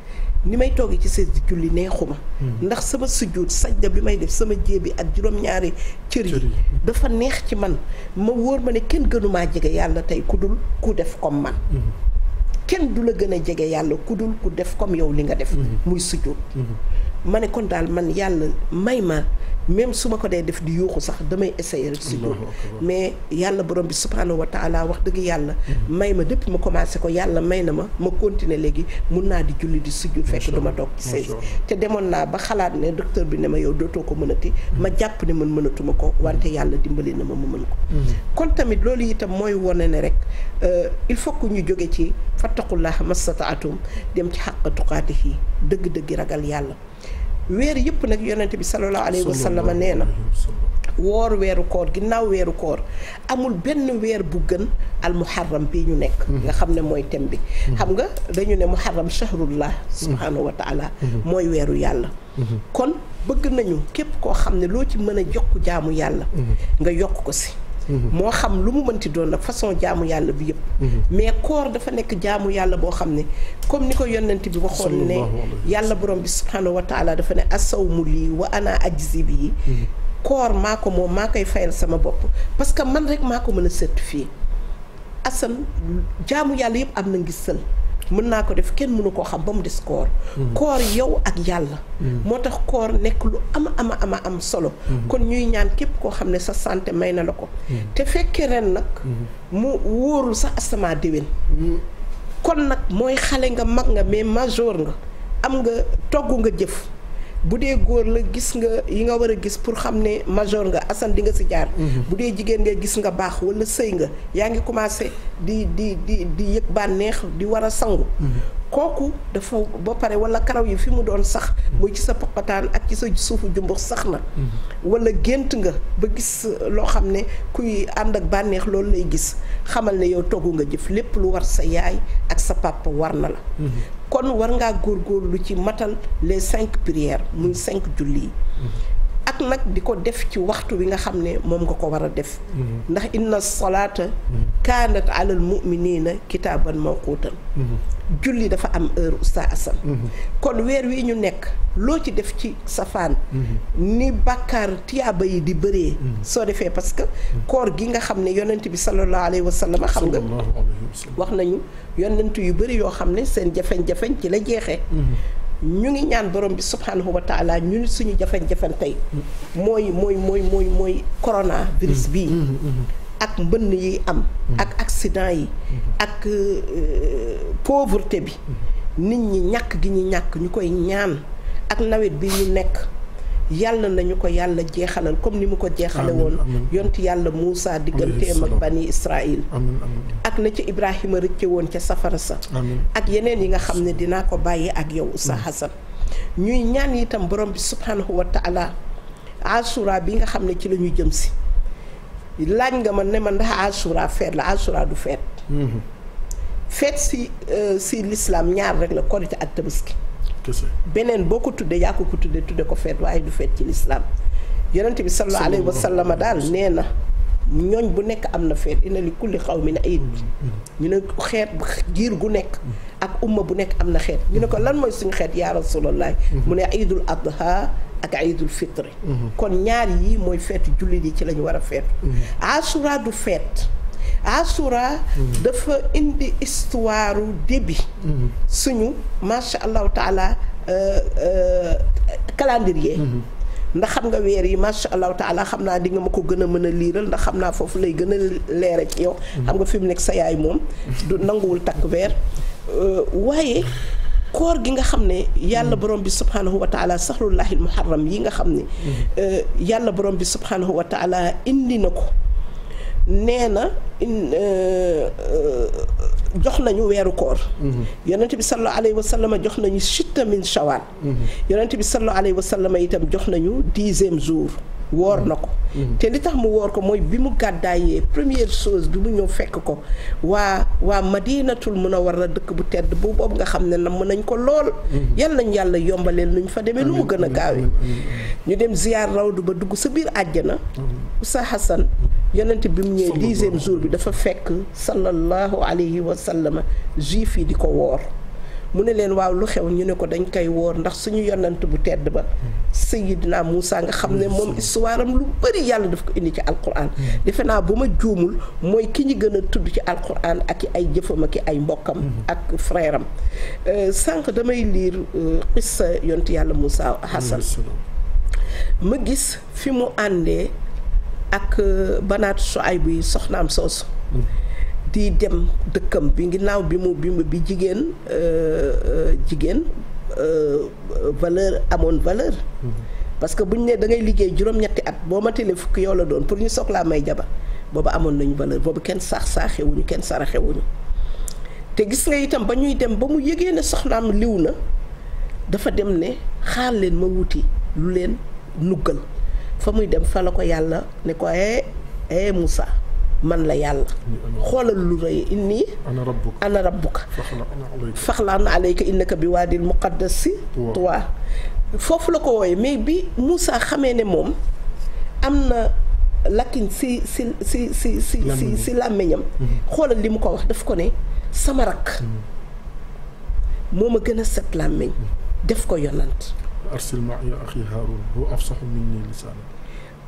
ni may toogee ci sa julli ma mm-hmm. ndax sama sujjuut sajda bi may def sama jéebi ak juróom-ñaari cër yi. dafa neex ci man ma wóor ma ne kenn gënumaa jege yàlla tey ku dul ku def comme man. Mm-hmm. kenn du la gën a jege yàlla ku dul ku def comme yow li nga def. Mm-hmm. muy sujjuut. ma ne kon daal man yàlla may ma même su ma ko dee def di yuuxu sax damay essayer rek surtout mais yàlla borom bi subhanahu wa taala wax dëgg yàlla may ma dëpp ma commencé ko yàlla may na ma ma continuer léegi mun naa di julli di sujjul fekk du ma toog ci sees te demoon naa ba xalaat ne docteur bi ne ma yow dootoo ko mënati ma jàpp ne mën mënatuma ko wante yàlla dimbali na ma ma mën ko hmm. kon tamit loolu itam mooy wone ne rek euh, il faut ku ñu jóge ci fattaqullah masataatum dem ci xàq tuqaati yi dëgg-dëgg ragal yàlla weer yëpp nag yonent bi sallallahu alayhi wa sallam nee na woor weeru koor ginnaaw weeru koor amul benn weer bu gën al muharram bii ñu nekk mhm. nga xam ne mooy thème bi mhm. xam nga dañu ne muharram shahrullah mhm. subhanahu wa mooy weeru yàlla kon bëgg nañu képp koo xam ne loo ci mën a yokk jaamu yàlla nga yokk ko si Mm-hmm. moo xam lu mu mënti doon nag façon jaamu yàlla bi yëpp. Mm-hmm. mais koor dafa nekk jaamu yàlla boo xam ne comme ni ko yonent bi waxoon ne yàlla borom bi subhaanahu wa taala dafa ne asawmu lii wa ana ajzi bi mm-hmm. koor maa ko moom maa koy fayal sama bopp parce que man rek maa ko mën a certifié asan jaamu yàlla yëpp am na ngi sël mën naa ko def kenn mënu koo xam ba mu des koor hmm. koor yow ak yàlla hmm. moo tax koor nekk lu ama ama ama am solo hmm. kon ñuy ñaan képp koo xam ne sa santé may na la ko te fekkee ren nag mu wóorul sa asamaa déwén kon nag mooy xale nga mag nga mais major nga am nga togg nga jëf bu dee góor la gis nga yi nga war a gis pour xam ne major nga asan di nga si jaar mhm. bu dee jigéen nga gis nga baax wala sëy nga yaa ngi commencé di di di di yëg bànneex di war a sangu mhm. kooku dafa ba pare wala karaw yi fi mu doon sax muy ci sa poqataan ak ci sa suufu jumbux sax na mm-hmm. wala gént nga ba gis loo xam ne kuy ànd ak bànneex loolu lay gis xamal ne yow togg nga jëf lépp lu war sa yaay ak sa papa war na la mm-hmm. kon war ngaa góorgóorlu ci matal les cinq prières muy cinq julli yi mm-hmm. nag di ko def ci waxtu wi nga xam ne moom nga ko war a def mm-hmm. ndax inna salaata mm-hmm. kaanat alal mu'minina kitaaban mawquutan mm-hmm. julli dafa am heure Oustaz Assane kon weer wi ñu nekk loo ci def ci safaan ni bàkkaar tiyaaba yi di bëree soo defee parce que koor gi nga xam ne yonent bi sallallahu alayhi wa sallam xam nga wax nañu yonent yu bëri yoo xam ne seen jafeñ-jafeñ ci la jeexee ñu ngi ñaan borom bi subhanahu wa taala ñun suñu jafe-jafen tey mooy mooy mooy mooy mooy corona virus mm-hmm. bii mm-hmm. Mm-hmm. ak mbënn yi am ak accident yi ak euh, pauvreté bi nit ñi ñàkk gi ñu ñàkk ñu koy ñaan ak nawet bi ñu nekk yàlla nañu ko yàlla jeexalal comme ni mu ko jeexale woon yontu yàlla Moussa digganteem ak bani Israël ak na ca Ibrahima rëcce woon ca safara sa ak yeneen yi nga xam ne dinaa ko bàyyi ak yow Oustaz Assane ñuy ñaan itam borom bi subhanahu wa taala asura bi nga xam ne ci la ñu jëm si laaj nga man ne man ndax asura feet la asura du feet mm-hmm. feet si euh, si l'islam ñaar rek la korite ak tabaski beneen boo ko tuddee yaa ko ko tuddee tudde ko feet waaye du feet ci lislaam yonent bi sallallahu alayhi wa sallama daal nee na ñooñ bu nekk am na feet ina li kulli xawmin iid ñu ne xeet giir gu nekk ak uma bu nekk am na xeet ñu ne ko lan mooy suñ xeet yaa rasulallah mu ne iidul adha ak iidul fitri mhm. kon ñaar yii mooy feetu jullit yi ci la war a feetu mhm. asura du feet Asoura mm-hmm. dafa indi histoire début mm-hmm. suñu macha allahu taala euh, euh, calendrier mm-hmm. ndax xam nga weer yi macha allahu taala xam naa di nga ma ko gën a mën a liiral ndax xam naa foofu lay gën a leere ci yow xam nga fi mu nekk sa yaay moom du nanguwul takk weer euh, waaye koor gi nga xam ne yàlla borom bi subhaanahu wa taala saxrullahil muharram yi nga xam ne yàlla borom bi subhaanahu wa taala indi na ko nee na euh, euh, jox nañu weeru koor mm-hmm. yonent bi sallallahu alayhi wa sallam jox nañu sitta min shawal mm-hmm. yonent bi sallallahu alayhi wa sallam itam jox nañu dixième jour woor na ko mm-hmm. te li tax mu woor ko mooy bi mu gàddaayee première chose bi mu ñëw fekk ko waa waa madinatul a war munawwara dëkk bu tedd bu boobu nga xam ne namm nañ ko lool yal nañ yàlla yombaleel nuñ fa demee lu mu gën a gaawee ñu dem ziyaar rawdu ba dugg sa biir àjjana Oustaz Assane yonent bi mu ñëwee dixième jour bi dafa fekk sallallahu alayhi wa sallam juif yi di ko woor mu ne leen waaw lu xew ñu ne ko dañ koy woor ndax suñu yonent bu tedd ba Seyyidina Moussa nga xam ne moom histoire lu bëri yàlla daf ko indi ci alquran hmm. defe naa bu ma juumul mooy ki ñu gën a tudd ci alquran ak i ay jëfam ak ay mbokkam hmm. ak frère am euh, sànq damay liir xissa euh, yonent yàlla musaa Hassan ma gis fi mu àndee ak euh, banaatu su ay buy soxnaam soos mm-hmm. di dem dëkkam bi ginnaaw bi mu bi mu bi jigéen euh, euh, jigéen valeur amoon valeur mm-hmm. parce que bu ñu ne da ngay liggéey juróom-ñetti at boo matelee fukki yow la doon pour ñu soxlaa may jabar booba amoon nañu valeur boobu kenn saax saaxewuñu kenn saraxewuñu te gis nga itam ba ñuy dem ba mu yégee ne soxnaam liw na dafa dem ne xaar leen ma wuti lu leen nuggal fa muy dem fa la ko yàlla ne ko eh eh Moussa man la yàlla xoolal lu rëy inni ana rabbuka faxlaan alayka innaka bi waadil muqaddasi tuwa foofu la ko wooye mais bi Moussa xamee ne moom am na lakkin si si si si si si si làmmiñam mm-hmm. xoolal li mu ko wax daf ko ne sama rakk mm-hmm. moo ma gën a set làmmiñ mm-hmm. def ko yonant arsil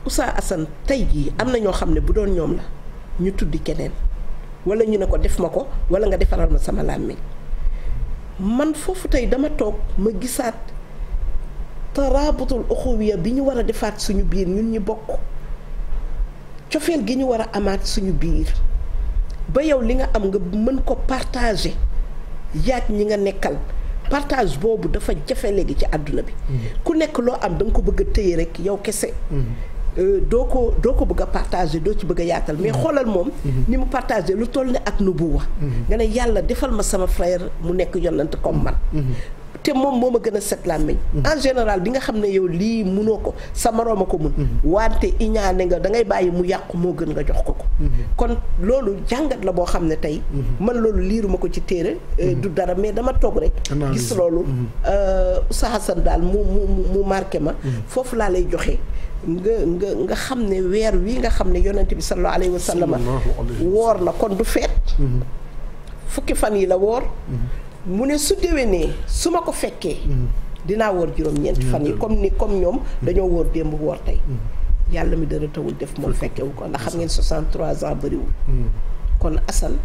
Oustaz Assane tey jii am na ñoo xam ne bu doon ñoom la ñu tuddi keneen wala ñu ne ko def ma ko wala nga defaral ma sama làmmiñ man foofu tey dama toog ma gisaat taraabutul uxuwiya bi ñu war a defaat suñu biir ñun ñu bokk cofeel gi ñu war a amaat suñu biir ba yow li nga am nga mën ko partager yaaj ñi nga nekkal partage boobu dafa jafe léegi ci àdduna bi mm-hmm. ku nekk loo am danga ko bëgg téye rekk yow kese mm-hmm. Euh, doo ko doo ko bëgg a partagé doo ci bëgg a yaatal mais mm-hmm. xoolal moom mm-hmm. ni mu partagé lu toll ne ak nubuwa mm-hmm. nga ne yàlla defal ma sama frère mu nekk yonent comme man te moom moo ma gën a set làmmiñ mm-hmm. en général bi nga xam ne yow lii munoo ko sa moroom a ko mun mm-hmm. wante iñaane nga da ngay bàyyi mu yàqu moo gën nga jox ko ko mm-hmm. kon loolu jàngat la boo xam ne tey man loolu liiruma ko ci téere euh, du dara mais dama toog rek gis loolu euh, Oustaz Assane daal mu mu mu ma foofu laa lay joxe nga nga nga xam ne weer wi nga xam ne yonent bi sallallahu alayhi wa sallam woor na kon du feet fukki fan yi la woor mu ne su déwénee su ma ko fekkee. dinaa woor juróom-ñeenti fan yi comme ni comme ñoom dañoo woor démb war tey. yàlla mi dara tawul def moom fekkewu ko ndax xam ngeen 63 ans bëriwul. kon Assane.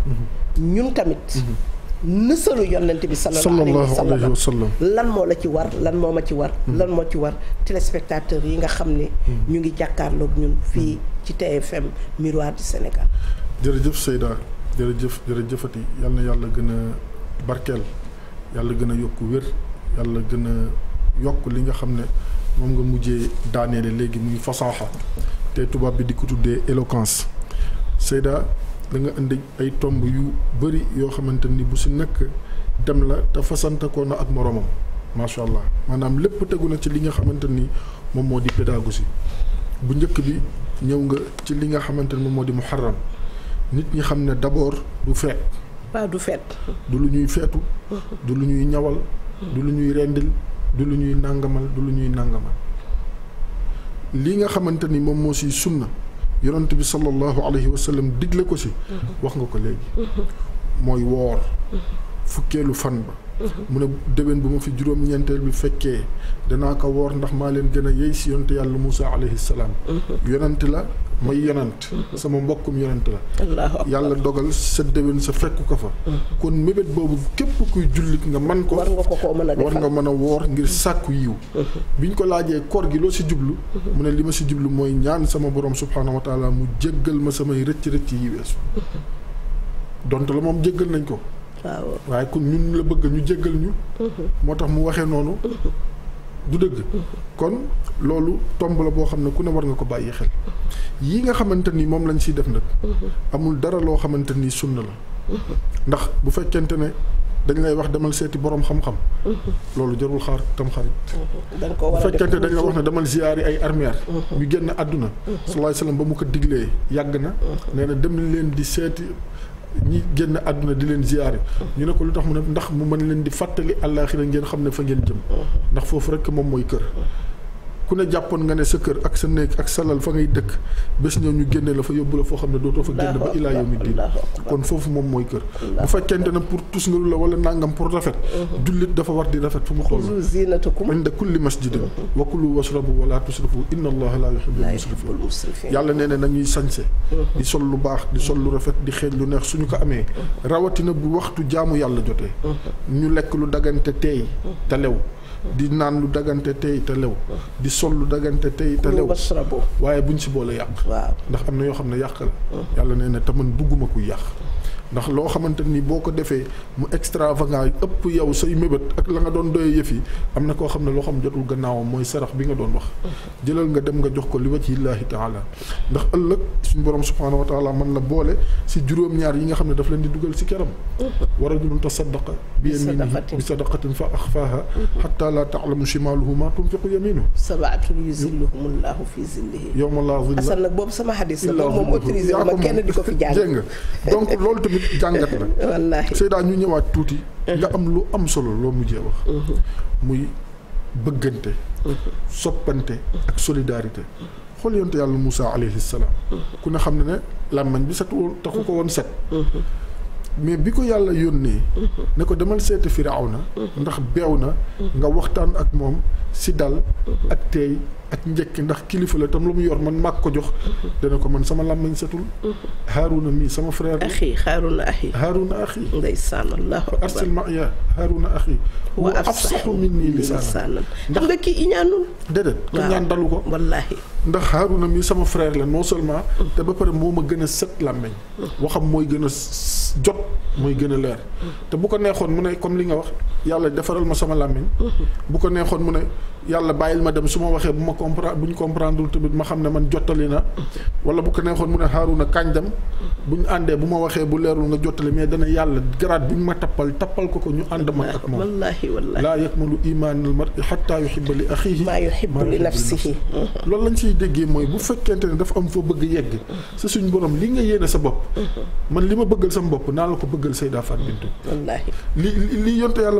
ñun tamit. nësalu yonent bi sallallahu alayhi wa sallam lan moo la ci war lan moo ma ci war hmm. lan moo ci war téléspectateurs yi nga xam ne hmm. ñu ngi jàkkaarloog ñun fii hmm. ci TFM Miroir du Sénégal jërëjëf Seyda jërëjëf jërëjëfati yal na yàlla gën a barkeel yàlla gën a yokk wér yàlla gën a yokk li nga xam ne moom nga mujjee daaneele léegi muy fasaaxa te tubaab bi di ko tuddee éloquence Seyda da nga indi ay tomb yu bëri yoo xamante ni bu si nekk dem la te fasantakoo na ak moroomam macha allah maanaam lépp tegu na ci li nga xamante ni moom moo di pédagogie bu njëkk bi ñëw nga ci li nga xamante ni moom moo di muharram nit ñi xam ne d'abord du feet pas du fet du lu ñuy feetu du lu ñuy ñawal du lu ñuy rendil du lu ñuy nàngamal du lu ñuy nàngamal lii nga xamante ni moom moo si sunna yonent bi sallallahu alayhi wa digle ko si wax nga ko léegi mooy woor fukkeelu fan ba mu ne déwén bu ma fi juróom-ñeenteel bi fekkee danaa ko woor ndax maa leen gën a yey si yonent yàlla Moussa alayhi salaam yonent la may yonent sama mbokkum yonent la yàlla dogal sa déwén sa fekk ko fa kon mébét boobu képp kuy jullit nga man ko war nga ko koo mën a war mën a woor ngir sàkku yiw mhm. ñu ko laajee koor gi loo si jublu mhm. mu ne li ma si jublu mooy ñaan sama borom subhaanahu wa taala mu jéggal ma samay rëcc rëcc yi weesu mhm. donte la moom jéggal nañ ko waaw waaye kon ñu la bëgg ñu jéggal ñu moo tax mu waxee noonu du dëgg kon loolu tomb la boo xam ne ku ne war nga ko bàyyi xel yi nga xamante ni moom lañ siy def nag amul dara loo xamante ni sunna la ndax bu fekkente ne dañ lay wax demal seeti borom xam-xam loolu jarul xaar tam xarit bu fekkente dañ la wax ne demal ziyaari ay armeer ñu génn àdduna sallallahu alayhi wasallam ba mu ko diglee yàgg na nee na dem leen di seeti ñi génn àdduna di leen ziyaar ñu ne ko lu tax mu ne ndax mu mën leen di fàttali àllaaxira ngeen xam ne fa ngeen jëm mm-hmm. ndax foofu rekk moom mooy kër ku ne jàppoon nga ne sa kër ak sa néeg ak sa lal fa ngay dëkk bés ñëw ñu génne la fa yóbbu la foo xam ne dootoo fa génn ba ilaa yawmi diin kon foofu moom mooy kër bu fekkente ne pour tus ngalu la wala nangam pour rafet mhm. jullit dafa war di rafet fu mu xool inda kulli masjidin wa kulu wasrabu wala tusrifu inna allaha la yuhibbul musrifin yàlla nee na nañuy sañse mhm. di sol lu baax di sol lu rafet di xeeñ lu neex suñu ko amee mhm. rawatina bu waxtu jaamu yàlla jotee ñu lekk lu dagante teey te lew di naan lu daggante tey te lew di sol lu daggante tey te lew waaye buñ si boolee yàq ndax am na yoo xam ne yàq la yàlla nee na te man bugguma kuy yàq ndax loo xamante ni boo ko defee mu extravagant yi ëpp yow say mébét ak la nga doon doyee yëf yi am na koo xam ne loo xam jotul gannaawam mooy sarax bi nga doon wax jëlal nga dem nga jox ko li wajhi llaahi taala ndax ëllëg suñu borom subhaanahu wa taala man la boole si juróom-ñaar yi nga xam ne daf leen di dugal si keram mm-hmm. wa rajulun tasaddaqa bi yaminihi bi sadaqatin fa axfaaha xatta mm-hmm. laa taalamu shimaaluhu maa tunfiqu yaminuhu sabaatun yuzilluhumu llaahu fi zillihi yawma laa zilla asan nag boobu sama xadis la moom autorisé ma kenn di ko fi jàng donc loolu tamit yëpp jàngat la. wallaahi Seyda ñu ñëwaat tuuti. Uh-huh. nga am lu am solo loo mujjee wax. Uh-huh. muy bëggante. Uh-huh. soppante ak solidarité. xool yonte yàlla Moussa alayhi ku ne xam ne ne làmmañ bi setul taxu ko woon set. mais bi ko yàlla yónnee. ne ko demal seeti na ndax beew na. nga waxtaan ak moom si dal ak tey. ak njëkk ndax kilifa la tam la mu yor man mag ko jox. dana ko man sama làmmiñ setul. Haruna mii sama frère la. axi Haruna axi. Haruna axi. ndeysaan allahu akbar arsil maaya Haruna axi. wa afsaxu minni lisaanan ndax nga kii iñaanul. déedéet ndax Haruna mii sama frère la non seulement. te ba pare moo ma gën a set làmmiñ. waxam mooy gën a jot mooy gën a leer. te bu ko neexoon mu ne comme li nga wax yàlla defaral ma sama làmmiñ. Mm-hmm. bu ko neexoon mu ne yàlla bàyyil ma dem su ma waxee bu ma comprendre bu ñu comprendre tamit ma xam ne man jottali na wala bu ko neexoon mu ne Harouna kañ dem bu ñu àndee bu ma waxee bu leerul nga jottali mais dana yàlla garaat bu ñu ma tappal tappal ko ko ñu ànd ma ak moom wallaahi wallaahi laa yakmalu imaanul mar'i hattaa yuhibba li axiihi maa yuhibbu li nafsihi loolu lañ siy déggee mooy bu fekkente ne dafa am foo bëgg yegg sa suñ borom li nga yéene sa bopp man li ma bëggal sama bopp naa la ko bëggal Seyda Fatou Bintou wallaahi li li yonte yàlla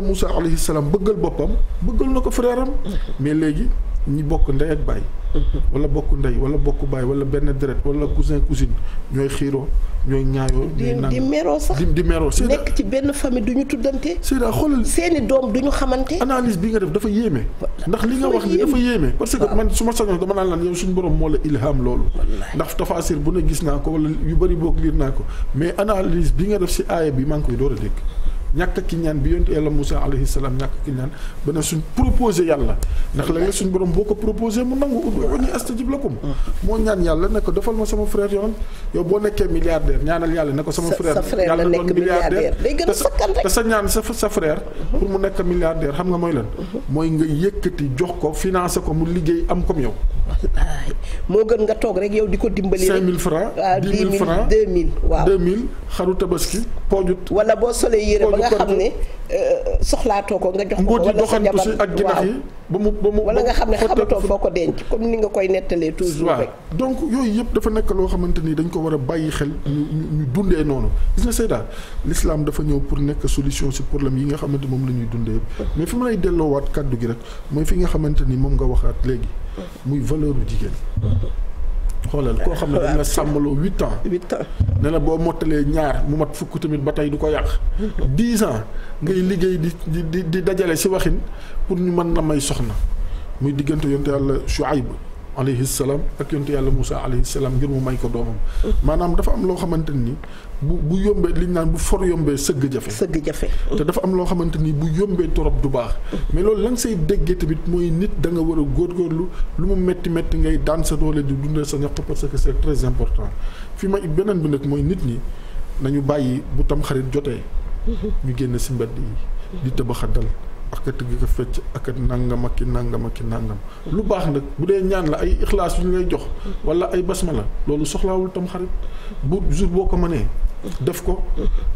ñi bokk ndey ak baay. Mm-hmm. wala bokk ndey wala bokk baay wala benn deret wala cousin cousine ñooy xiiroo ñooy ñaayoo. ñooy naan di meroo sax di meroo. nekk ci benn famille du ñu tuddante. Seyda ah, xoolal seeni doom du ñu xamante. analyse bi nga def dafa yéeme. ndax li nga wax ni dafa yéeme. parce que man su ma sañoon dama naan lan yow suñu borom moo la ilham loolu. ndax tafaasir bu ne gis naa ko wala yu bëri bokk liir naa ko mais analyse bi nga def si aaya bi maa ngi koy door a dégg. ñàkk ki ñaan bi yonent yàlla Moussa alayhi salaam ñàkk ki ñaan ba ne suñ proposé yàlla ndax la léeg suñ borom boo ko proposé mu nangu ud'uuni astajib ko ah. moo ñaan yàlla ne ko defal ma sama frère yoon yow boo nekkee milliardaire ñaanal yàlla ne ko sama frère yàlla doon milliardaire te sa ñaan sa sa frère uh-huh. pour mu nekk milliardaire xam nga mooy lan uh-huh. mooy nga yëkkati jox ko financé ko mu liggéey am comme yow wallaahi moo gën nga toog rek yow di ko dimbali. cinq mille francs ah, dix mille francs deux mille waaw deux mille xaru tabaski poojut wala boo solee yére ba nga xam ne euh, soxlaatoo ko nga jox ko wala sa jabar ak ginax yi ba mu ba mu wala nga xam ne xamatoo foo ko denc comme ni nga koy nettalee toujours rek donc yooyu yëpp dafa nekk loo xamante ni dañ ko war a bàyyi xel ñu noonu gis nga Seyda dafa ñëw pour nekk solution si problème yi nga xamante moom la ñuy dundee mais fi ma lay delloowaat kàddu gi rek mooy fi nga xamante ni moom nga waxaat léegi muy valeur bu jigéen. xoolal koo xam ne dañ la sàmmaloo huit ans. huit ans ne la boo mottalee ñaar mu mat fukk tamit ba tey du ko yàq. dix ans ngay liggéey di di di dajale si waxin pour ñu mën na may soxna muy diggante yonte yàlla Shuaib alayhi salaam ak yonte yàlla Moussa alayhi salaam ngir mu may ko doomam. maanaam dafa am loo xamante ni bu bu yombee li ñu naan bu for yombee sëgg jafe. sëgg jafe. te dafa am loo xamante ni bu yombee trop du baax. mais loolu la say déggee tamit mooy nit danga war a góor góorgóorlu lu mu métti métti ngay daan sa doole di dundal sa ñaq parce que c'est très important fi ma beneen bi nag mooy nit ñi nañu bàyyi bu tam xarit jotee. ñu génn si mbedd yi. di tëbaxadal ak a tëgg ko fecc ak a nangam ki nangam ak ki nangam. lu baax nag bu dee ñaan la ay ixlaas yu ñu lay jox. wala ay basmala loolu soxlaawul tam xarit jour boo ko mënee. def ko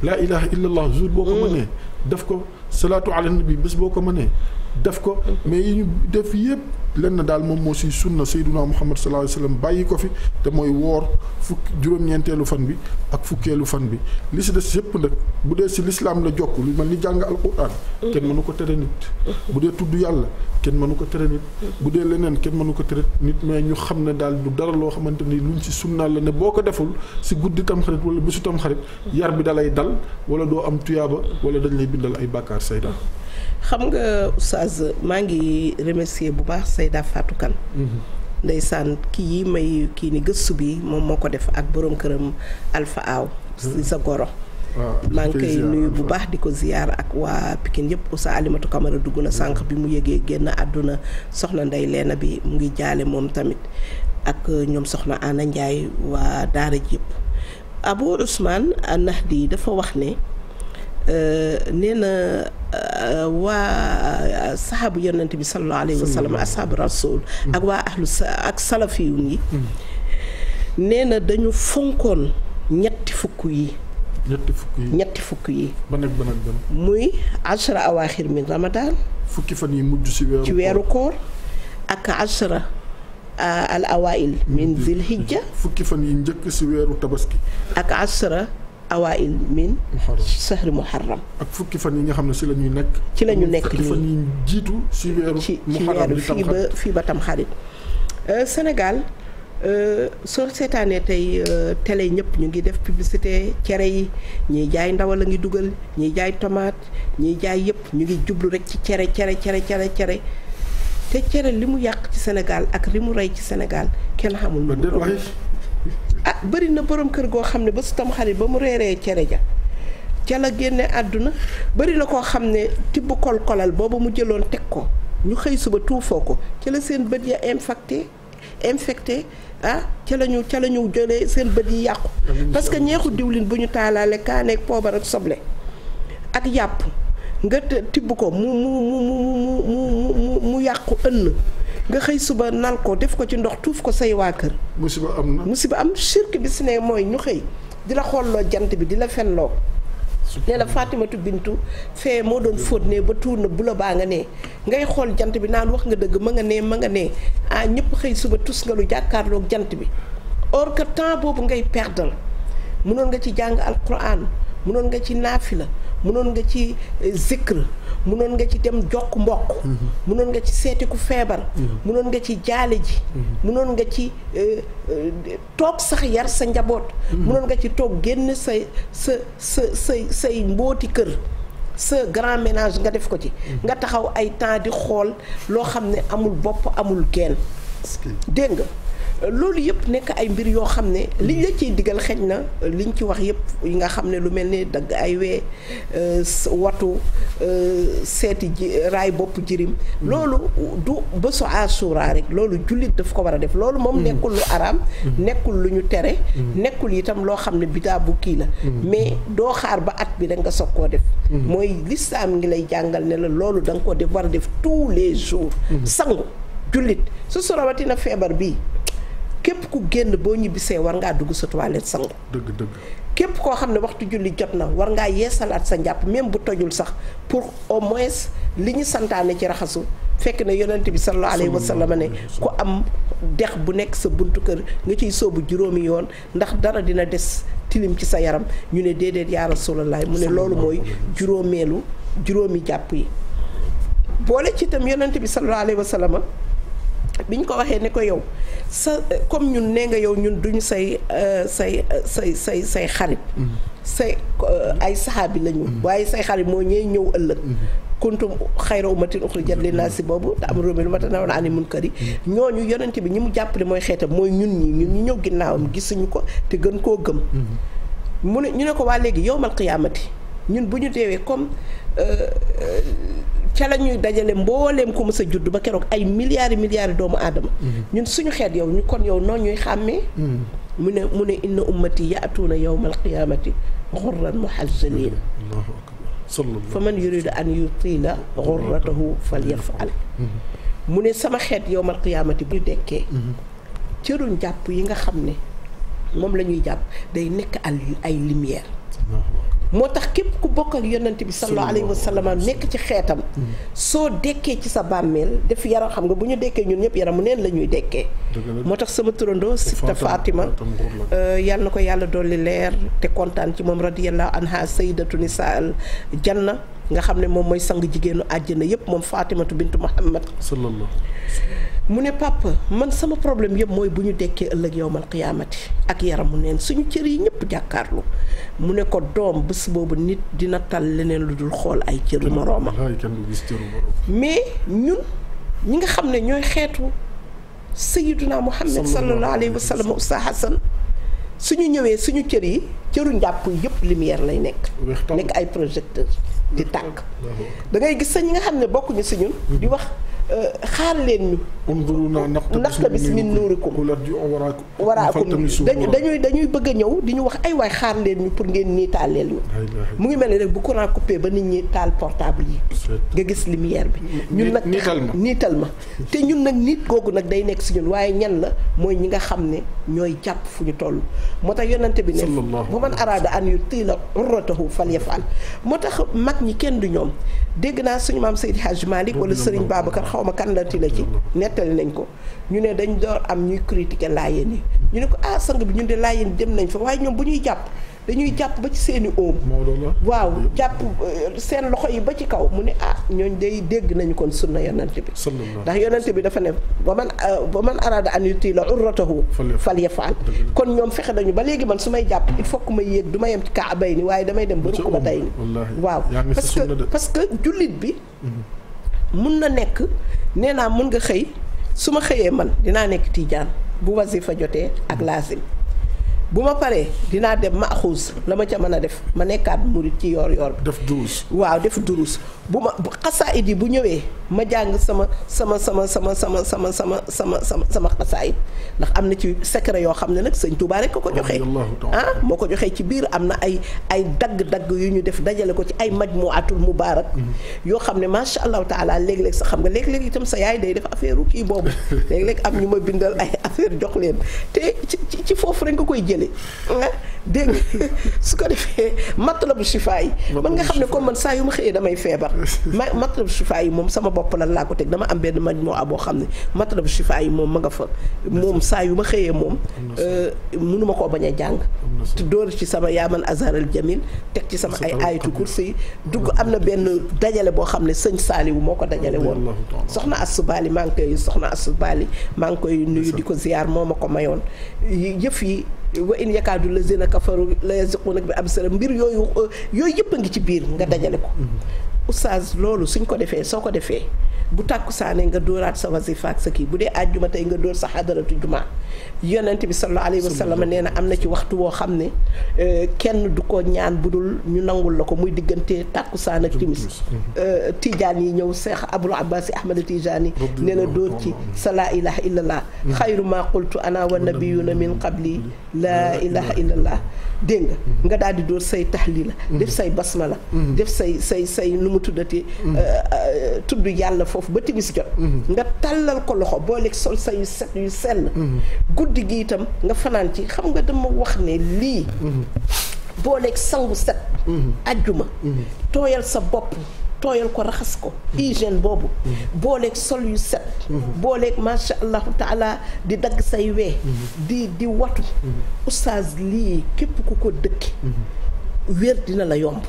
laa ilaha illallah jour boo ko mënee def ko salaatu ala nabi bés boo ko mënee def ko mais yi ñu def yëpp lenn daal moom moo si sunna sayduna muhammad sallallahu alayhi wasallam bàyyi ko fi te mooy woor fukk juróom-ñeenteelu fan bi ak fukkeelu fan bi li si des yëpp nag bu dee si lislaam la jokk lu ni jàng alquran kenn mënu ko tere bu dee tudd yàlla kenn mënu ko tere bu dee leneen kenn mënu ko tere nit mais ñu xam ne daal du dara loo xamante ni luñ si sunnaal la ne boo ko deful si guddi tam xarit wala bésu tam xarit yar bi dalay dal wala doo am tuyaaba wala dañ lay bindal ay bàkkaar sayda xam nga oustaz maa ngi remercier bu baax Seyda Fatou Kane mhm. ndeysaan kii yi may kii ni gëstu bi moom moo ko def ak boroom këram Alpha Aw mhm. si sa goro maa ngi koy nuyu bu baax di ko ziyaar ak waa Pikine yëpp sa Alimatu Kamara dugg na sànq mhm. bi mu yëgee génn àdduna soxna Ndey Leena bi mu ngi jaale moom tamit ak euh, ñoom soxna Ana Ndiaye waa daara ji yëpp Abou Ousmane Nahdi dafa wax ne Euh, nee na euh, waa saxaabu yonent bi sallallahu alayhi wa sallam ak waa ahlu ak salafiyun yi hmm. nee na dañu fonkoon ñetti fukk yi muy ashara awaaxir min ramadaan. fukki fan yi mujj ci weeru. ci weeru koor ak ashara euh, al awail min hmm. zilhijja fukki fan yi njëkk ci weeru tabaski. ak ashara. awail min sahri muharram ak fukki fan yi ñoo xam ne ci la ñuy nekk ci la ñu nekk nii fan jiitu ci weeru ci weeru fii ba fii ba tamxarit euh, Sénégal euh, soo seetaanee tey euh, tele ñëpp ñu ngi def publicité cere yi ñuy jaay ndawal a ngi dugal ñuy jaay tomaat ñuy jaay yëpp ñu ngi jublu rek ci cere cere cere cere cere te cere li mu yàq ci Sénégal ak li mu rey ci senegal kenn xamul nu mu ah bëri na borom kër goo xam ne ba su tam ba mu reeree cere ja ca la génne àdduna bëri na koo xam ne tibb kol-kolal booba mu jëloon teg ko ñu xëy suba tuufoo ko ca la seen bët ya infecté infecté ah ca la ñu ca la ñu jëlee seen bët yi yàqu parce que ñeexu diwlin bu ñu taalaale kaaneeg poobar ak soble ak yàpp nga tibb ko mu mu mu mu mu mu mu mu yàqu ënn nga xëy suba nal ko def ko ci ndox tuuf ko say waa kër. musiba am na musiba am shirk bi si ne mooy ñu xëy di la xoolloo jant bi di la fenloo. ne la Fatimatu Bintu fee moo doon fóot ne ba tuur na bu la baa nga ne ngay xool jant bi naan wax nga dëgg ma nga nee ma nga ne ah ñëpp xëy suba tus nga lu jàkkaarloog jant bi or que temps boobu ngay perdal noon nga ci jàng alquran mënoon nga ci naafila mënoon nga ci eh, zikr mënoon nga ci dem jokk mbokk mënoon mm-hmm. nga ci seeti ku feebar mënoon mm-hmm. nga ci jaale ji mënoon mm-hmm. nga ci euh, euh, toog sax yar sa njaboot mënoon nga ci toog génn sa sa sa say say mbooti kër sa grand ménage nga def ko ci nga taxaw ay temps di xool loo xam ne amul bopp amul genn dégg loolu yëpp nekk ay mbir yoo xam ne liñ la ciy digal xëj na liñ ci wax yëpp yi nga xam ne lu mel ni dagg ay wee euh, watu euh, seeti ji raay bopp jirim mm. loolu du bésu asura rek loolu jullit daf ko war a def loolu moom mm. nekkul lu araam mm. nekkul lu ñu tere nekkul itam loo xam ne bidaa bu kii la mais doo xaar ba at bi da nga soog koo def mooy lislaam ngi lay jàngal ne la loolu da nga ko def war a def tous les jours sangu jullit su sorowatina feebar bi képp ku génn boo ñibbisee war ngaa dugg sa toilette sangu dëgg dëgg képp koo xam ne waxtu julli jot na war ngaa yeesalaat sa njàpp même bu tojul sax pour au moins li ñu santaane ci raxasu fekk na yonent bi sallallahu alayhi wa sallam ne ku am dex bu nekk sa buntu kër nga ciy soobu juróomi yoon ndax dara dina des tilim ci sa yaram ñu ne déedéet yaa rasulallah mu ne loolu mooy juróomeelu juróomi jàpp yi boole ci tam yonent bi sallallahu alayhi wa sallam bi ñu ko waxee ne ko yow sa comme ñun nee nga yow ñun duñ say euh, say say say say xarit. say euh, ay saxaabi lañu. waaye say xarit mooy ñëw ñëw ëllëg. kuntum xayra ummatin naa si boobu te am amaru bil ma'ruufi wa tanhawna anil munkari ñooñu yonent bi ñi mu jàppale mooy xeetam mooy ñun ñi ñun ñu ñëw ginnaawam gisuñu ko te gën koo gëm. Mm-hmm. mu ne ñu ne ko waa léegi yowmal qiyaamati ñun bu ñu deewee comme. ca la ñuy dajale mbooleem ku mës a judd ba keroog ay milliare milliare doomu aadama. Mhm. ñun suñu xeet yow ñu kon yow noo ñuy xàmmee. Mhm. mu ne mu ne inna ummati yaatuuna yawmal qiyaamati xurran muhazzaniin fa man yuridu an yutila mhm. mu ne sama xeet yawmal qiyaamati bu ñu dekkee. cëruñ jàpp yi nga xam ne moom lañuy jàpp day nekk al ay lumière. moo tax képp ku bokk ak yonent bi sallallahu alayhi wa sallam nekk ci xeetam mm. soo dekkee ci sa bàmmeel def yaram xam nga bu ñu dekkee ñun ñëpp yaram mu neen la ñuy dekkee moo tax sama turandoo sifta Fatima yàlla euh, na ko yàlla dolli leer te kontaan ci moom radiyallahu anha sayyidatu nisaa al janna nga xam ne moom mooy sang jigéenu àjjana yépp moom Fatimatu bintu Muhammad sallallahu mu ne papa man sama problème yëpp mooy bu ñu dekkee ëllëg yowmal xiyaamati ak yaramu neen suñu cër yi ñëpp jàkkaarlu mu ne ko doom bés boobu nit dina tal leneen lu dul xool ay cër cëru moroomam mais ñun ñi nga xam ne ñooy xeetu sayiduna muhammad sallallahu alayhi wa sallam usa hasan suñu ñëwee suñu cër yi cëru njàpp yëpp lumière lay nekk nekk ay projecteur di tàkk da ngay gis sax ñi nga xam ne bokkuñu si ñun di mm-hmm. wax xaar leen ñu. unzuruna si min nuurikum waraakum dañuy dañuy bëgg a ñëw di ñu wax ay waay xaar leen ñu pour ngeen nii ñu. mu ngi mel ne rek bu courant coupé ba nit ñi taal portable yi. nga gis lumière bi. ñun nag niital ma niital te ñun nag nit kooku nag day nekk si ñun waaye ñan la mooy ñi nga xam ne ñooy jàpp fu ñu toll. moo tax yonante bi ne bu man araada an yu tiila urratahu falyafal moo tax mag ñi kenn du ñoom dégg naa suñu maam Seydi Hadj Malick wala Serigne Babacar xaw ma kan la ti ci nettali nañ ko ñu ne dañ door am ñuy critiquer laayeen yi ñu ne ko ah sang bi ñu de laayeen dem nañ fa waaye ñoom bu ñuy jàpp dañuy jàpp ba ci seeni óom waaw jàpp euh, seen loxo yi ba ci kaw mu ne ah ñooñ day dégg nañu kon sunna yonante bi ndax yonante bi dafa ne ba man ba euh, man araada an yuti la urratahu fal yafaal kon ñoom fexe nañu ba léegi man su may jàpp il faut ma may yéeg du ma yem ci kaabay ni waaye damay dem ba rukk ba umm, tey mun na nekk nee naa mun nga xëy su ma xëyee man dinaa nekk tiijaan bu wasifa jotee ak laasim bu ma paree dinaa dem ma axuus la ma ca mën a def ma nekkaat murit ci yoor yoor bi def durus waaw def durus bu ma xasaayit yi bu ñëwee ma jàng sama sama sama sama sama sama sama sama sama sama xasaayit ndax am na ci secret yoo xam ne nag sëñ Tuubaa rek ko ko joxee ah moo ko joxee ci biir am na ay ay dagg-dagg yu ñu def dajale ko ci ay majmuatul mubaarak mm-hmm. yoo xam ne macha allahu taala léeg-léeg sa xam nga léeg-léeg itam sa yaay day def affaire kii boobu léeg-léeg am ñu ma bindal ay affaire jox leen te ci ci foofu rek nga koy jëlee génne dégg su ko defee matlabu chifa yi man nga xam ne comme man saa yu ma xëyee damay feebar ma matlabu chifa yi moom sama bopp lan laa ko teg dama am benn maj moo boo xam ne matlabu chifa yi moom ma nga fa moom saa yu ma xëyee moom mënuma euh, koo bañ a jàng te door ci sama yaaman azaral jamil teg ci sama ay ayatu kursi dugg am na benn dajale boo xam ne sëñ saaliwu moo ko dajale woon soxna assubaali maa ngi koy soxna assubaali maa ngi koy nuyu di ko ziyaar moo ma ko mayoon yëf yi wa in yakaadu lazina kafaru la yasiqunak bi absara mbir yooyu euh, yooyu yëpp a ngi ci biir nga dajale ko mm-hmm. oustaz loolu suñ ko defee soo ko defee bu tàkkusaanee nga dóoraat sa wasifa ak sa kii bu dee àjjuma tey nga dóor sa xadaratu juma yonent bi sallallahu alayhi wa sallam nee na am na ci waxtu woo xam ne euh, kenn du ko ñaan bu dul ñu nangul la ko muy diggante tàkkusaan ak timis tiijaan mhm. euh, yi ñëw seex abul abbas ahmad tijani nee na dóor ci sa laa ilaha illallah mhm. xayru ma qultu ana wa nabiyuna min qabli laa ilaha illallah dégg nga mhm. nga daal di dóor say tahlila def say basma la def say say say nu mu tuddati euh, tudd yàlla foofu ba timis jot nga tàllal ko loxo booleeg sol sa yu set yu sell gudd guddi gi itam nga fanaan ci xam nga dama wax ne lii mhm. booleeg sangu set mhm. ajjuma mhm. tooyal sa bopp tooyal ko raxas ko hygiène boobu booleeg sol yu set booleeg macha allahu di dagg say wee di di watu oustaz lii képp ku ko dëkki wér dina la yomb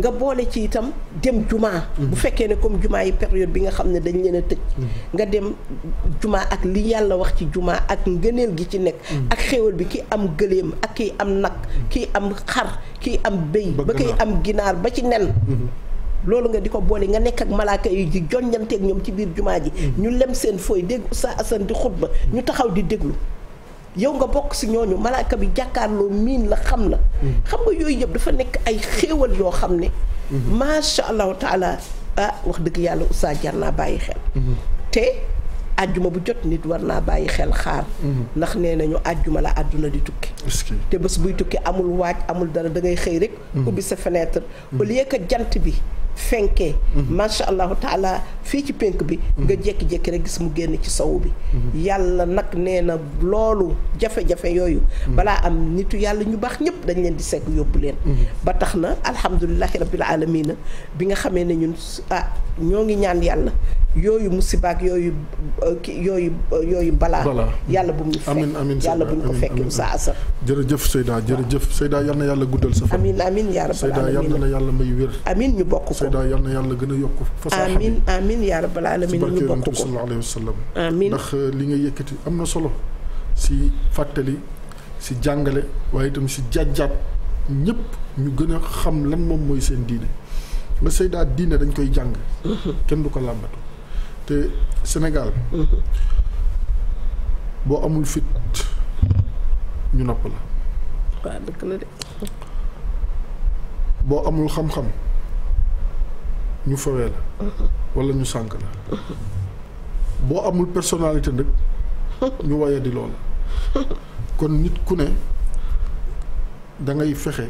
nga boole ci itam dem jumaa bu fekkee ne comme jumaa yi période bi nga xam ne dañ leen a tëj nga dem jumaa ak li yàlla wax ci jumaa ak ngëneel gi ci nekk mm. ak xéewal bi ki am gëléem ak kii am nag mm. kii am xar kii am béy ba kiy am ginaar ba ci nen mm-hmm. loolu nga di ko boole nga nekk ak malaaka yi di jonjanteeg ñoom ci biir jumaa ji mm. ñu lem seen fooy dégg Oustaz Assane di xutba ñu taxaw di déglu yow nga bokk si ñooñu malaaka bi jàkkaarloo miin la xam na mm-hmm. xam nga yooyu yëpp dafa nekk ay xéewal yoo xam ne. Mm-hmm. macha allahu taala ah, wax dëgg yàlla oustaz jar naa bàyyi xel. Mm-hmm. te àjjuma bu jot nit war naa bàyyi xel xaar. ndax nee nañu àjjuma la àdduna di tukki. te bés buy tukki amul waaj amul dara da ngay xëy rek. ubbi sa fenêtre. ba lieu que jant bi. fenkee mhm. macha allahu taala fii ci pénk bi mhm. nga jékki-jékki rek gis mu génn ci sow bi mhm. yàlla nag nee na loolu jafe-jafe yooyu balaa am nitu yàlla ñu baax ñëpp dañ leen di segg yóbbu leen ba tax na alhamdulilahi rabbil alamina bi nga xamee ne ñun ah ñoo ngi ñaan yàlla yooyu musibaak yooyu euh, yooyu euh, yooyu balaa yàlla bu mu fekk amiin amiin yàlla bu ñu ko fekk Moussa Assane jërëjëf Seyda jërëjëf Seyda yal na yàlla guddal sa fan amiin amiin yaa rabbal aalamiin Seyda yal na la yàlla may wér amiin ñu bokk ko Aida yal na yàlla gën a yokk fasax amin amin yaa rabbal alamin ñu bokk ko ndax euh, li nga yëkkati am na solo si fàttali si jàngale waaye itam si jàjjaat ñépp ñu gën a xam lan moom mooy seen diine nga Seyda diine dañ koy jàng mhm. kenn du ko làmbatu te Sénégal mhm. boo amul fit ñu nopp la boo amul xam-xam ñu fawee la wala ñu sànk la boo amul personnalité nag ñu waye di loola kon nit ku ne dangay ngay fexe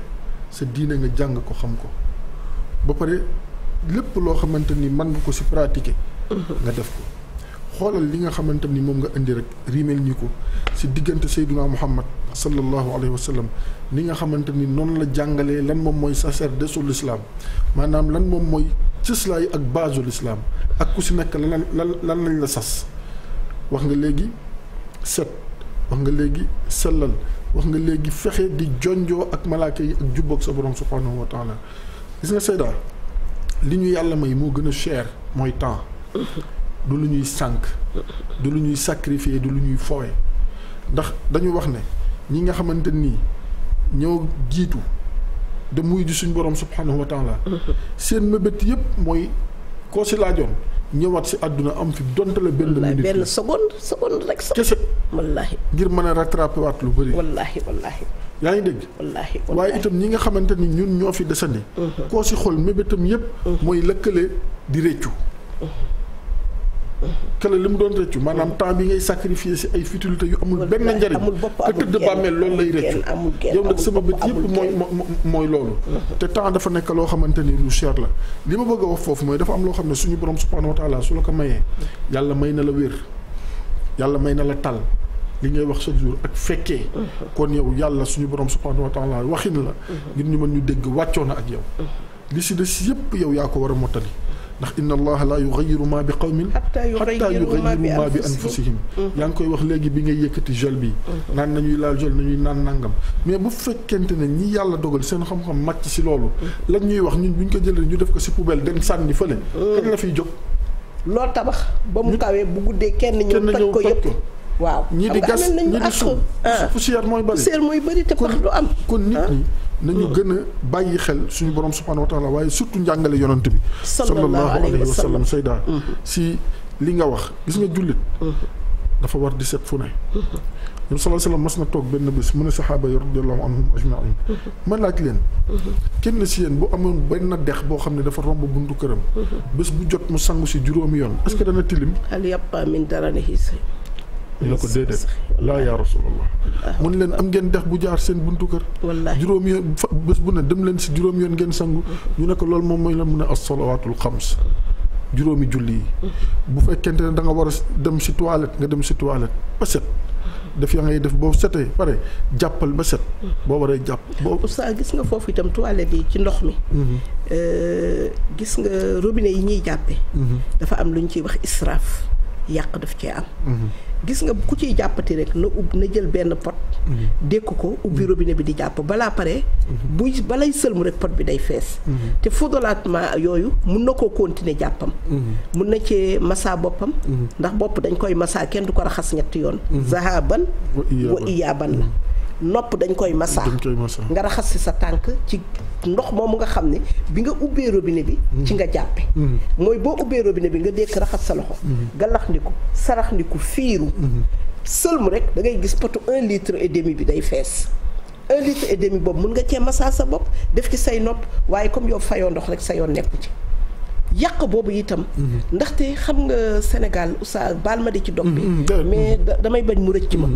sa diine nga jàng ko xam ko ba pare lépp loo xamante ni man nga ko si pratiquer nga def ko xoolal li nga xamante ni moom nga indi rek riimeel ñi ko si diggante Seydina Muhammad sallallahu alayhi wa sallam ni nga xamante ni noonu la jàngalee lan moom mooy sacerdoce de l'islam maanaam lan moom mooy cëslaay ak basul islam ak ku si nekk lan lan lan lañ la sas wax nga léegi set wax nga léegi sellal wax nga léegi fexe di jonjoo ak malaaka yi ak jubboog sa borom subhanahu wa taala gis nga Seyda li ñu yàlla may moo gën a cher mooy temps du lu ñuy sànq du lu ñuy sacrifier du lu ñuy fowe ndax dañu wax ne ñi nga xamante nii ñëw jiitu dem muy ji suñu borom subhanahu wa taala seen mébét yëpp mooy koo si laajoon ñëwaat si àdduna am fi donte la benn minute benn seconde seconde rek kese wallaahi ngir mën a rattrapé waat lu bëri wallaahi wallaahi yaa ngi dégg wallaahi waaye itam ñi nga xamante ni ñun ñoo fi desandi mhm. koo si xool mébétam yëpp mhm. mooy lëkkale di réccu mhm. kële li mu doon rëccu maanaam temps bi ngay sacrifier si ay futilité yu amul benn njariñ te tëdd bàmmeel loolu lay rëccu yow nag sama bët yëpp mooy mooy loolu te temps dafa nekk loo xamante ni lu cher la li ma bëgg a wax foofu mooy dafa am loo xam ne suñu borom subhanahu wa taala su la ko mayee yàlla may na la wér yàlla may na la tal li ngay wax sa jour ak fekkee mhm. kon yow yàlla suñu borom subhanahu wa taala waxin la mhm. ngir ñu mën ñu dégg wàccoo na ak yow mhm. li si yëpp yow yaa ko war a mottali ndax inna allaha la yugayiru ma bi qawmin xatta yugayiru ma bi anfusihim mm-hmm. yaa ngi koy wax léegi bi ngay yëkkati jol bi mm-hmm. naan nañuy laal jol nañuy naan nangam mais bu fekkente ne ñi yàlla dogal seen xam-xam màcc si loolu mm-hmm. lañ ñuy wax ñun bu ñu ko jëlee ñu def ko si poubelle dem sànni fële kañ la fiy jóg loolu tabax ba mu kawee bu guddee kenn ñëw toj ko yëpp waaw ñi di gas ñi di ah. suuf poussière mooy bëri poussière mooy bëri te pax du am kon nit ah. ñi nañu mm. gën a bàyyi xel suñu borom subhaanahu wa taala waaye surtout njàngale yonant bi sallallahu alayhi wa sallam sayda mm-hmm. si li nga wax gis nga jullit mm-hmm. dafa war di set fu ne ñoom mm-hmm. sallallahu alayhi wa sallam mas na toog benn bés mu ne saxaaba yi radiyallahu anhum ajmain ma laaj leen kenn si yéen bu amoon benn dex boo xam ne dafa romb buntu këram bés bu jot mu sangu si juróomi yoon est-ce que dana tilim al yàppa min daranihi ñu ne ko déedéet laa yaa rasulallah ah. mun am ngeen dex bu jaar seen buntu kër juróom yoon bés bu ne dem leen si juróom yoon ngeen sangu ñu ne loolu moom mooy la mu a assalawaatul xams juróomi julli yi mm-hmm. bu fekkente ne da nga war a dem si toilette nga dem si toilette ba set mm-hmm. def yaa ngay def boo setee pare jàppal ba set mm-hmm. boo waree jàpp boo oustaz gis nga foofu itam toilette yi ci ndox mi euh, gis nga robine yi ñuy jàppe dafa am lu ñu ciy wax israaf yàq def cee am gis nga ku ciy jàppati rek na ub na jël benn pot. Mm-hmm. dékk ko ubbi mm-hmm. robine bi di jàpp balaa pare. Mm-hmm. buy balay sëlmu rek pot bi day fees. te ma yooyu mun na koo continuer jàppam. mun na cee massa boppam. ndax bopp dañ koy masaa kenn du ko raxas ñetti yoon. zahaban wa iyaaban la. nopp dañ koy massa nga raxas si sa tànk ci ndox mu nga xam ne bi nga ubbee robine bi mm. ci nga jàppe mm. mooy boo ubbee robine bi nga dékk raxas sa loxo mm. galax ndiku sarax ndiku fiiru sëlmu rek da ngay gis potu un litre et demi bi day fees un litre et demi boobu mun nga cee massa sa bopp def ci say nopp waaye comme yow fayoo ndox rek sa yoon nekku ci yàq boobu itam. ndaxte xam nga Sénégal usa baal ma di ci dog bi mais damay bañ mu rëcc ma.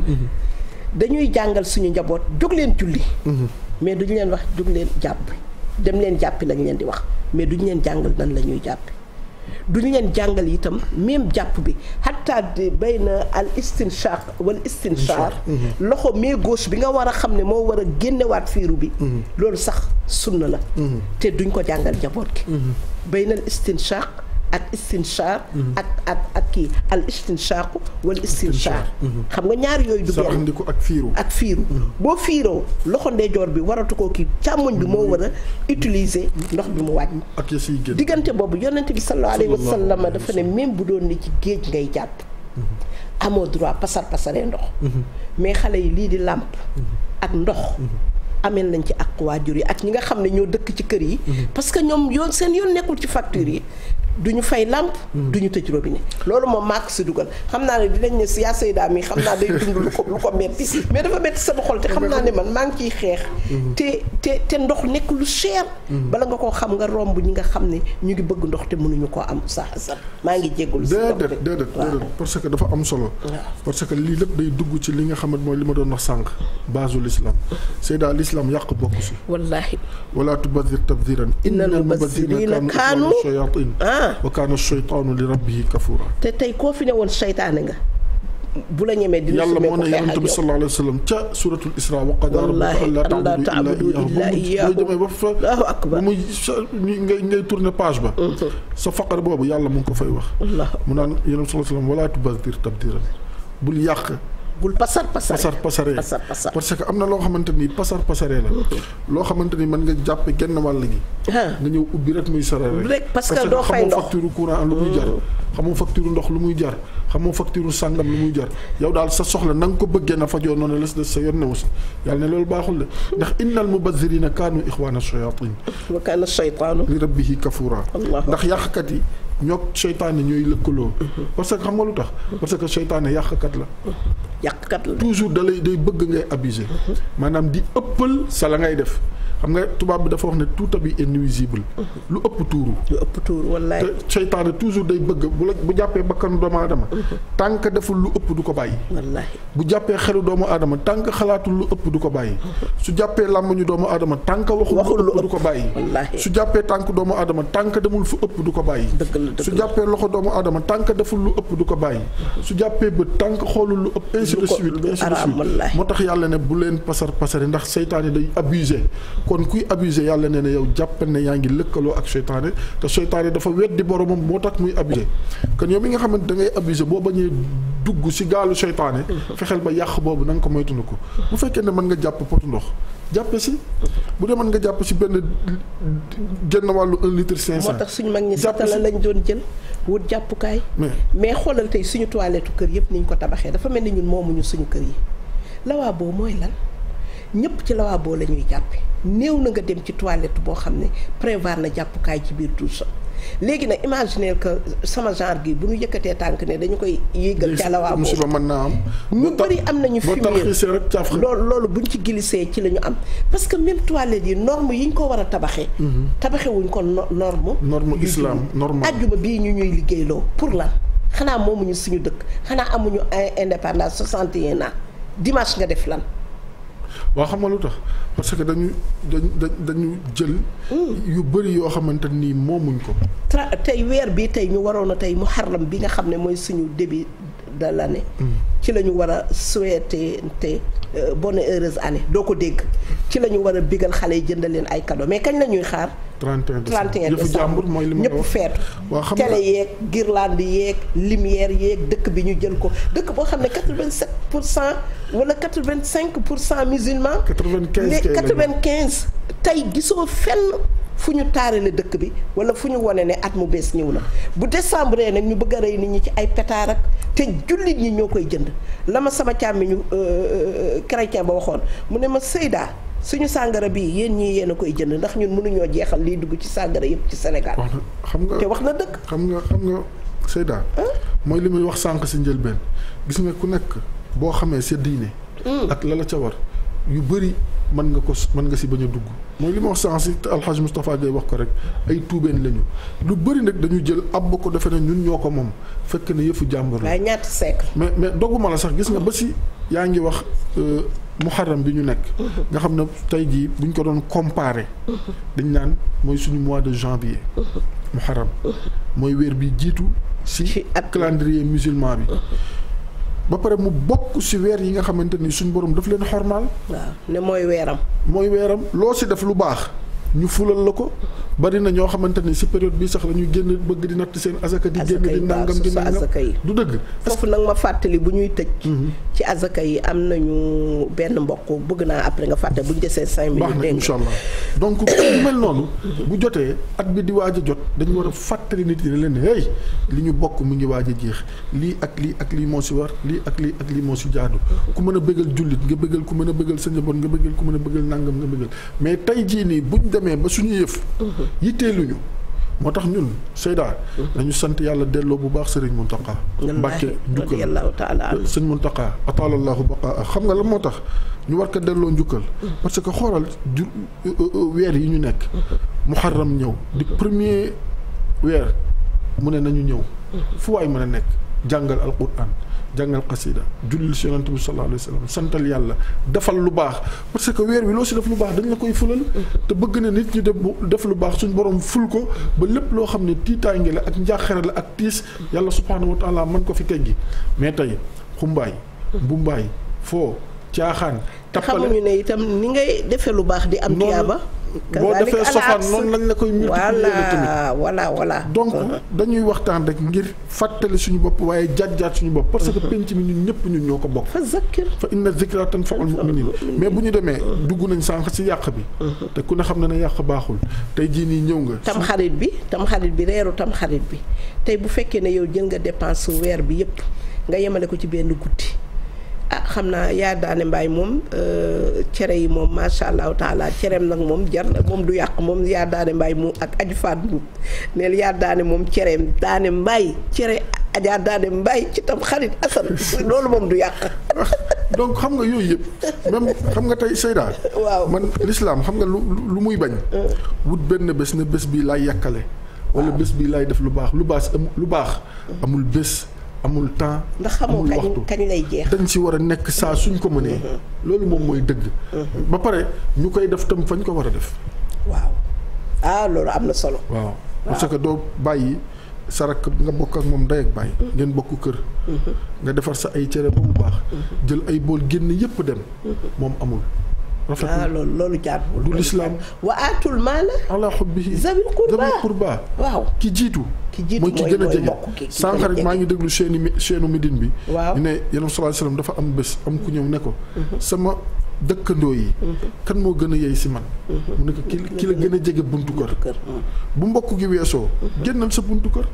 dañuy jàngal suñu njaboot jóg leen julli. Mhm. mais duñu leen wax jóg leen jàpp dem leen jàppi lañ leen di wax mais duñu leen jàngal nan la ñuy jàppi duñu leen jàngal itam même jàpp bi hatta bay na al istinshaq wal istinshar mhm. loxo mais gauche bi nga war a xam ne moo war a génnewaat fiiru bi mhm. loolu sax sunna la te duñ ko jàngal njaboot gi bay na al istinshaq ak istinchar mhm. ak ak ak kii al istinchaqu wala istinchar mhm. xam nga ñaari yooyu du benn ak fiiru ak fiiru mhm. boo fiiroo loxo ndeyjoor bi waratu koo kii càmmoñ bi moo war a utiliser ndox bi mu wàññi diggante boobu yonent bi sallallahu alayhi wa sallam dafa ne même bu doon ne ci géej ngay jàpp amoo droit pasar pasaree ndox mais xale yi lii di làmp ak ndox ameel nañ ci ak waajur yi ak ñi nga xam ne ñoo dëkk ci kër yi parce que ñoom seen yoon nekkul ci facture yi du ñu fay làmp mm. du ñu tëj robinet loolu moom màkk si dugal xam naa ne dinañ ne si yaa Seyda mi xam naa day dund lu ko lu ko metti mais dafa metti sama xol te xam naa ne man maa ngi ciy xeex mm-hmm. te te te ndox nekk lu cher mm-hmm. bala nga koo xam nga romb ñi nga xam ne ñu ngi bëgg ndox te mënuñu koo am sax sax maa ngi jéggul si ndox déedéet déedéet déedéet parce que am solo parce que lii lépp day dugg ci li nga xamante mooy li ma doon wax sànq basu l'islam Seyda l'islam yàq bokk si wallaahi wala tubadir tabdiran innal mubaddirina kaanu wa kaana shaytaanu li rabbihi kafuura te tey koo fi ne woon seytaane nga bu la ñemee dina yàlla moo ne yonent bi sallallahu alayhi wa sallam ca suratul isra wa qadaa rabbuka allaa ta'budu illaa iyyaahu demee ba fa allahu akbar muy ngay ngay tourner page ba mm-hmm. sa faqar boobu yàlla mu ngi ko fay wax mu naan yonent bi sallallahu alayhi wa sallam walaa tubazir tabdiran bul yàq bul pasar pasare pasar pasare pasar pasar parce que am na loo xamante ni pasar pasare la. loo xamante ni mën nga jàpp genn wàll gi. nga ñëw ubbi rek muy sore rek. parce que doo fay ndox facture courant lu muy jar. Hmm. xamoo facture ndox lu muy jar xamoo facture sàngam lu muy jar yow daal sa soxla na nga ko bëggee na fajoo noonu la sa yoon newu si yàlla ne loolu baaxul de ndax innal mubazirina kaanu ixwaana shayatin wa kaana shaytaanu li rabbihi kafuura ndax yàqkat yi ñoo seytaane ñooy lëkkaloo. parce que xam nga lu tax. parce que seytaane kat la. yàqkat la toujours da lay day bëgg ngay abuser. maanaam di ëppal sa la ngay def. xam nga tubaab bi dafa wax ne tout habit est nuisible. lu ëpp tuuru. lu ëpp tuuru wallaay. te seytaane toujours day bëgg bu la bu jàppee bakkanu doomu aadama. tant que deful lu ëpp du ko bàyyi. wallaay bu jàppee xelu doomu aadama tant que lu ëpp du ko bàyyi. su jàppee làmmiñu doomu aadama tant que waxul lu ëpp du ko bàyyi. su jàppee tànk doomu aadama tant que demul ëpp du ko bàyyi. su jàppee loxo doomu aadama tant que deful lu ëpp du ko bàyyi. su jàppee bët tant que xoolul lu ëpp. ainsi de suite moo tax yàlla ne bu leen pasar pasare ndax seytaane day abusé kon kuy abusé yàlla nee na yow jàppal ne yaa ngi lëkkaloo ak seytaane te seytaane dafa weddi boromam moo tax muy abusé kon yow mi nga xamante da ngay abusé boo bañee dugg si gaalu seytaane fexeel ba yàq boobu na ko moytunu ko bu fekkee ne mën nga jàpp potu ndox jàppe si bu dee mën nga jàpp si benn génn wàllu un litre cinq cent moo tax suñ mag ñi satala lañ doon jël jàppukaay mais xoolal tey suñu toilette kër yëpp niñ ko tabaxee dafa mel ni ñun moomuñu suñu kër yi lawaa boobu mooy lan ñëpp ci lavabo la ñuy jàppe néew na nga dem ci toilette boo xam ne prévoir na jàppukaay ci biir douche léegi nag imaginer que sama genre gi bu ñu yëkkatee tànk ne dañu koy yéegal ca lavabo musiba mën naa am ñu bëri am nañu fumier loolu loolu buñ ci glissé ci la ñu am parce que même toilette yi norme yi ñu ko war a tabaxee mhm. tabaxe wuñ ko norme norme islam norme ajjuma bii ñu ñuy liggéeyloo pour lan xanaa moomuñu suñu dëkk xanaa amuñu indépendance 61 ans dimanche nga def lan waaw xam nga lu tax parce que dañu dañu dañu jël. yu bëri yoo xamante nii moomuñ ko. tra tey weer bii tey ñu waroon a tey muharram bi nga xam ne mooy suñu début. de l' année. ci la ñu war a souhaiter te euh, bonne heureuse année doo ko dégg ci la ñu war a bigal xale yi jëndal leen ay cadeau mais kañ la ñuy xaar. 31 décembre 31 décembre ñëpp feetu. waaw xam nga télé yeeg guirlande yeeg lumière yeeg dëkk bi ñu jël ko dëkk boo xam ne 87 pour cent wala 85 pour cent musulmans. 95 mais 95 tey gisoo fenn. fu ñu taarale dëkk bi wala fu ñu wone ne at mu bees ñëw na bu décembre nag ñu bëgg a rey nit ñi ci ay pétard ak te jullit ñi ñoo koy jënd la ma sama càmmiñu euh, euh, euh, chrétien ba waxoon mu ne ma Seyda suñu sàngara bii yéen ñii yéen a koy jënd ndax ñun mënuñoo jeexal liy dugg ci sàngara yëpp ci Sénégal. xam nga te wax na dëkk. xam nga xam nga Seyda. mooy li muy wax sànq si njëlbeen gis nga ku nekk boo xamee sa diine. Hmm. ak la la yu bëri. mën nga ko mën nga si bañ a dugg mooy li ma wax sànq si alxaj wax ko rek ay tuubeen lañu lu bëri nag dañu jël ab ko defe ne ñun ñoo ko moom fekk na yëfu jàmbur la. ñaata siècle mais mais dogguma la sax gis nga ba si yaa ngi wax euh, muharram bi ñu nekk. nga xam ne tey jii buñ ko doon comparé. dañ naan mooy suñu mois de janvier. muharram mooy weer bi jiitu si. ak calendrier musulman bi. ba pare mu bokk ci weer yi nga xamante ni suñu borom daf leen xormaal. waaw ne mooy weeram. mooy weeram loo ci def lu baax. ñu fulal la ko bari na ñoo xamante ni si période bi sax la ñuy génn bëgg di natt seen azaka di génn di nangam di nangam du dëgg foofu nag ma fàttali bu ñuy tëj mhm. ci azaka yi am na nañu benn mbokk bëgg naa après nga fàtte bu ñu desee cinq minutes dégg incha allah donc bu jotee at bi di waaj jot dañu war fàttali nit yi ne leen hey li ñu bokk mu ngi waaj a jeex lii ak lii ak lii moo si war lii ak lii ak lii moo si jaadu ku mën a bëggal jullit nga bëggal ku mën a bëggal sa njaboot nga bëggal ku mën a bëggal nangam nga bëggal mais tey demee ba suñu yëf. Mhm. yitteeluñu moo tax ñun Seyda. Mhm. nañu sant yàlla delloo bu baax Serigne Mountakha. Mbàkke njukkal Serigne Mountakha ataalallahu baqaa xam nga la moo tax ñu war ko delloo njukkal. Mhm. parce que xoolal euh, euh, euh, weer yi ñu nekk. muharram ñëw di premier weer mu ne nañu ñëw. fu waay mën a nekk jàngal alquran. jàngal xasida jullil si yonent bi sallallahu alayhi wa sallam santal yàlla defal lu baax parce que weer wi loo si def lu baax dañ la koy fulal mm-hmm. te bëgg na nit ñu def def lu baax suñu borom ful ko ba lépp loo xam ne ngi la ak njaaxare la ak tiis yàlla subhaanahu wa taala mën ko fi teggi mais tey xumbaay mbumbaay foo caaxaan xamuñu ne itam ni ngay defee lu baax di am tiyaaba boo defee sofaan noonu lañ la koy multiplier tamit voilà voilà donc dañuy waxtaan rek ngir fàttali suñu bopp waaye jaajjaat suñu bopp parce que uh-huh. penc mi ñëpp ñun ñoo ko bokk fa zakkir fa inna zikra tanfa'ul mais bu ñu demee uh-huh. dugg nañ sànq si yàq bi uh-huh. te ku xam na ne yàq baaxul tey jii nii ñëw nga tam xarit bi tam xarit bi reeru tam xarit bi tey bu fekkee ne yow jël nga dépense weer bi yëpp nga yemale ko ci benn guddi ah xam naa yaa daane mbaay moom euh, cere yi moom macha allahu taala cereem nag moom jar moom du yàq moom yaa daane mbaay moom ak aju faat bu neel yaa daane moom cereem daane mbaay cere ajaa daane mbaay ci tam xarit asan loolu moom du yàq donc xam nga yooyu yëpp même xam nga tey Seyda waaw man l'islam xam nga lu lu muy bañ euh. wut benn bés ne bés bii laay yàkkale walla bés bii laay def lu baax lu baax lu baax euh. amul bés amul temps ndax xamoo kañ kañ lay jeex dañ si war a nekk saa suñ ko mënee. Mm-hmm. loolu moom mooy dëgg. Mm-hmm. ba pare ñu koy def tam fañ ko war a def. waaw ah loolu am na solo. waaw parce que doo bàyyi sa rakk nga bokk ak moom day ak bàyyi. Mm-hmm. ngeen bokk kër. nga defar sa ay cere ba bu baax. jël ay bool génn yépp dem. moom amul. ah loolu loolu jaaduwul. du lislaam wa aatul maala. ala xubbihi zawil qurba qurba waaw ki jiitu. ki jiitu mooy ki gën a jege sànq rek maa ngi déglu chaîne chaîne Médine bi. waaw ñu ne yonent sallallahu alayhi wasallam dafa am bés am ku ñëw ne ko. Mhm. sama dëkkandoo yi. Mm-hmm. kan moo gën a yey si man. Mm-hmm. mu ne ko ki ki la gën a jege buntu kër. Mm. bu mbokk gi weesoo. Mm-hmm. génnal sa buntu kër.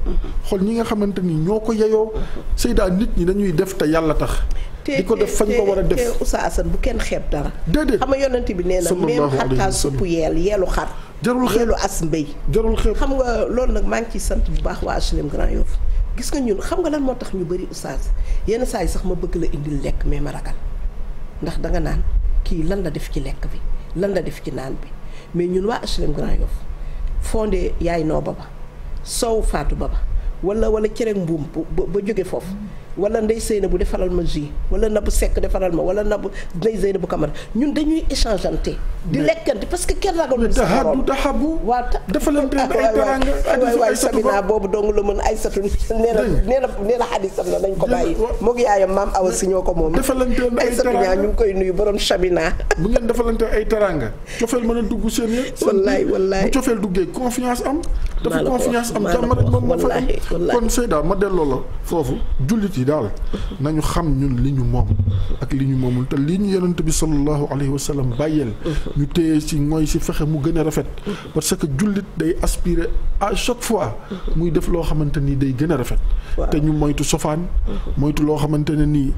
xool ñi nga xamante ni ñoo ko yeyoo. Seydaa nit ñi dañuy def te yàlla tax. di ko def fañ ko war a def te Assane bu kenn xeeb dara. déedéet xam nga yonent bi nee na même xartaa suppu yeel yeelu xar. jarul xeeb yeelu as mbéy. jarul xam nga loolu nag maa ngi ciy sant bu baax waa HLM Grand Yoff gis nga ñun xam nga lan moo tax ñu bëri Oustaz yenn saa yi sax ma bëgg la indil lekk mais ma ragal ndax danga naan kii lan la def ci lekk bi lan la def ci naan bi mais ñun waa HLM Grand Yoff fondé yaay noo ba soow faatu ba ba wala wala cere mbuum ba jóge foofu wala ndey sëy na bu defaral ma jus wala na bu sekk defaral ma wala na bu ndey sëy na bu kamara ñun dañuy échangeante di lekkante parce que kenn ragalul sa morom daxabu waaw defalante ay teranga waay waay Sabina boobu dong la mën Aysatu nee na nee na nee na xadisam na nañ ko bàyyi moog yaayam maam awa si ñoo ko moom defalante ay teranga ñu ngi koy nuyu borom Sabina bu ngeen defalante ay teranga cofeel mën a dugg seen yëpp wallaay wallaay bu cofeel duggee confiance am dafa confiance am jàmm rek moom moo fa am kon Seyda ma delloo la foofu jullit yi daal nañu xam ñun li ñu moom ak li ñu moomul te li ñu yonent bi sallallahu alayhi wa sallam bàyyeel ñu téye ci mooy ci fexe mu gën a rafet parce que jullit day aspirer à chaque fois muy def loo xamante ni day gën a rafet te ñu moytu sofaan moytu loo xamante ne nii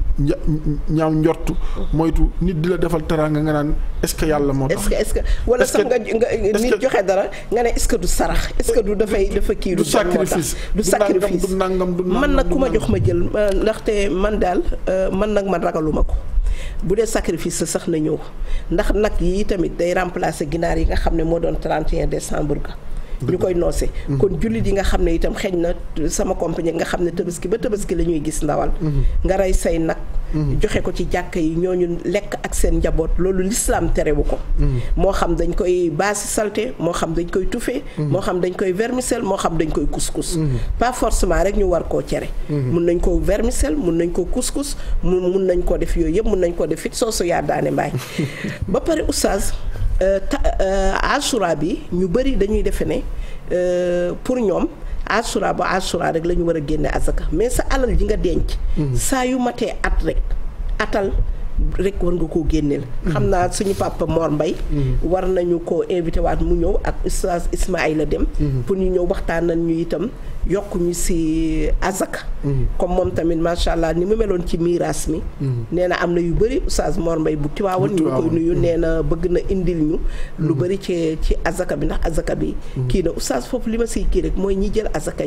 ñaaw njortu moytu nit di la defal teraanga nga naan est que yàlla moo tax est-ce que wala que du sarax est dafay dafa kii du sacrifice du sacrifice du nangam du nangam man nag ku ma jox ma jël ndaxte man daal euh, man nag man ragaluma ko bu dee sacrifice sax na ñëw ndax nag yi tamit day remplacer ginaar yi nga xam ne moo doon 31 décembre ga ñu koy noose mm-hmm. kon jullit yi nga xam ne itam xeeñ na sama compagnie nga xam ne tabaski ba tabaski la ñuy gis ndawal mm-hmm. nga rey say nag mm-hmm. joxe ko ci jàkk yi ñoo ñooñu lekk ak seen njaboot loolu lislaam terewu ko moo xam dañ koy baasi salté moo xam dañ koy tufe moo xam dañ koy vermicelle moo xam dañ koy couscous par forcement rek ñu war koo cere mun nañ koo vermicelle mun nañ ko couscous mun mun nañ koo def yooyu yëpp mun nañ koo def fit soosu yaa daane mbaay ba pare Euh, asura euh, bi ñu bëri dañuy defe ne euh, pour ñoom asura ba asura rek la ñu war a génne asaka mais sa alal ji nga denc. Mhm. saa yu matee at rek atal rek war nga koo génneel. Mhm. xam naa suñu papa Mor Mbay mhm. war nañu ko invité waat mu ñëw ak oustaz Ismaïla Dem. pour ñu ñëw waxtaan nañ ñu itam. yokk ñu si azaka comme moom tamit macha allah ni mu meloon ci miiras mi mm-hmm. nee na am na yu bëri oustaz Mor bu tiwaawoon ñu ngi nee na mm-hmm. bëgg na indil ñu lu mm-hmm. bëri ci ci azaka bi ndax azaka bi kii na oustaz foofu li ma siy kii rek mooy ñi jël azaka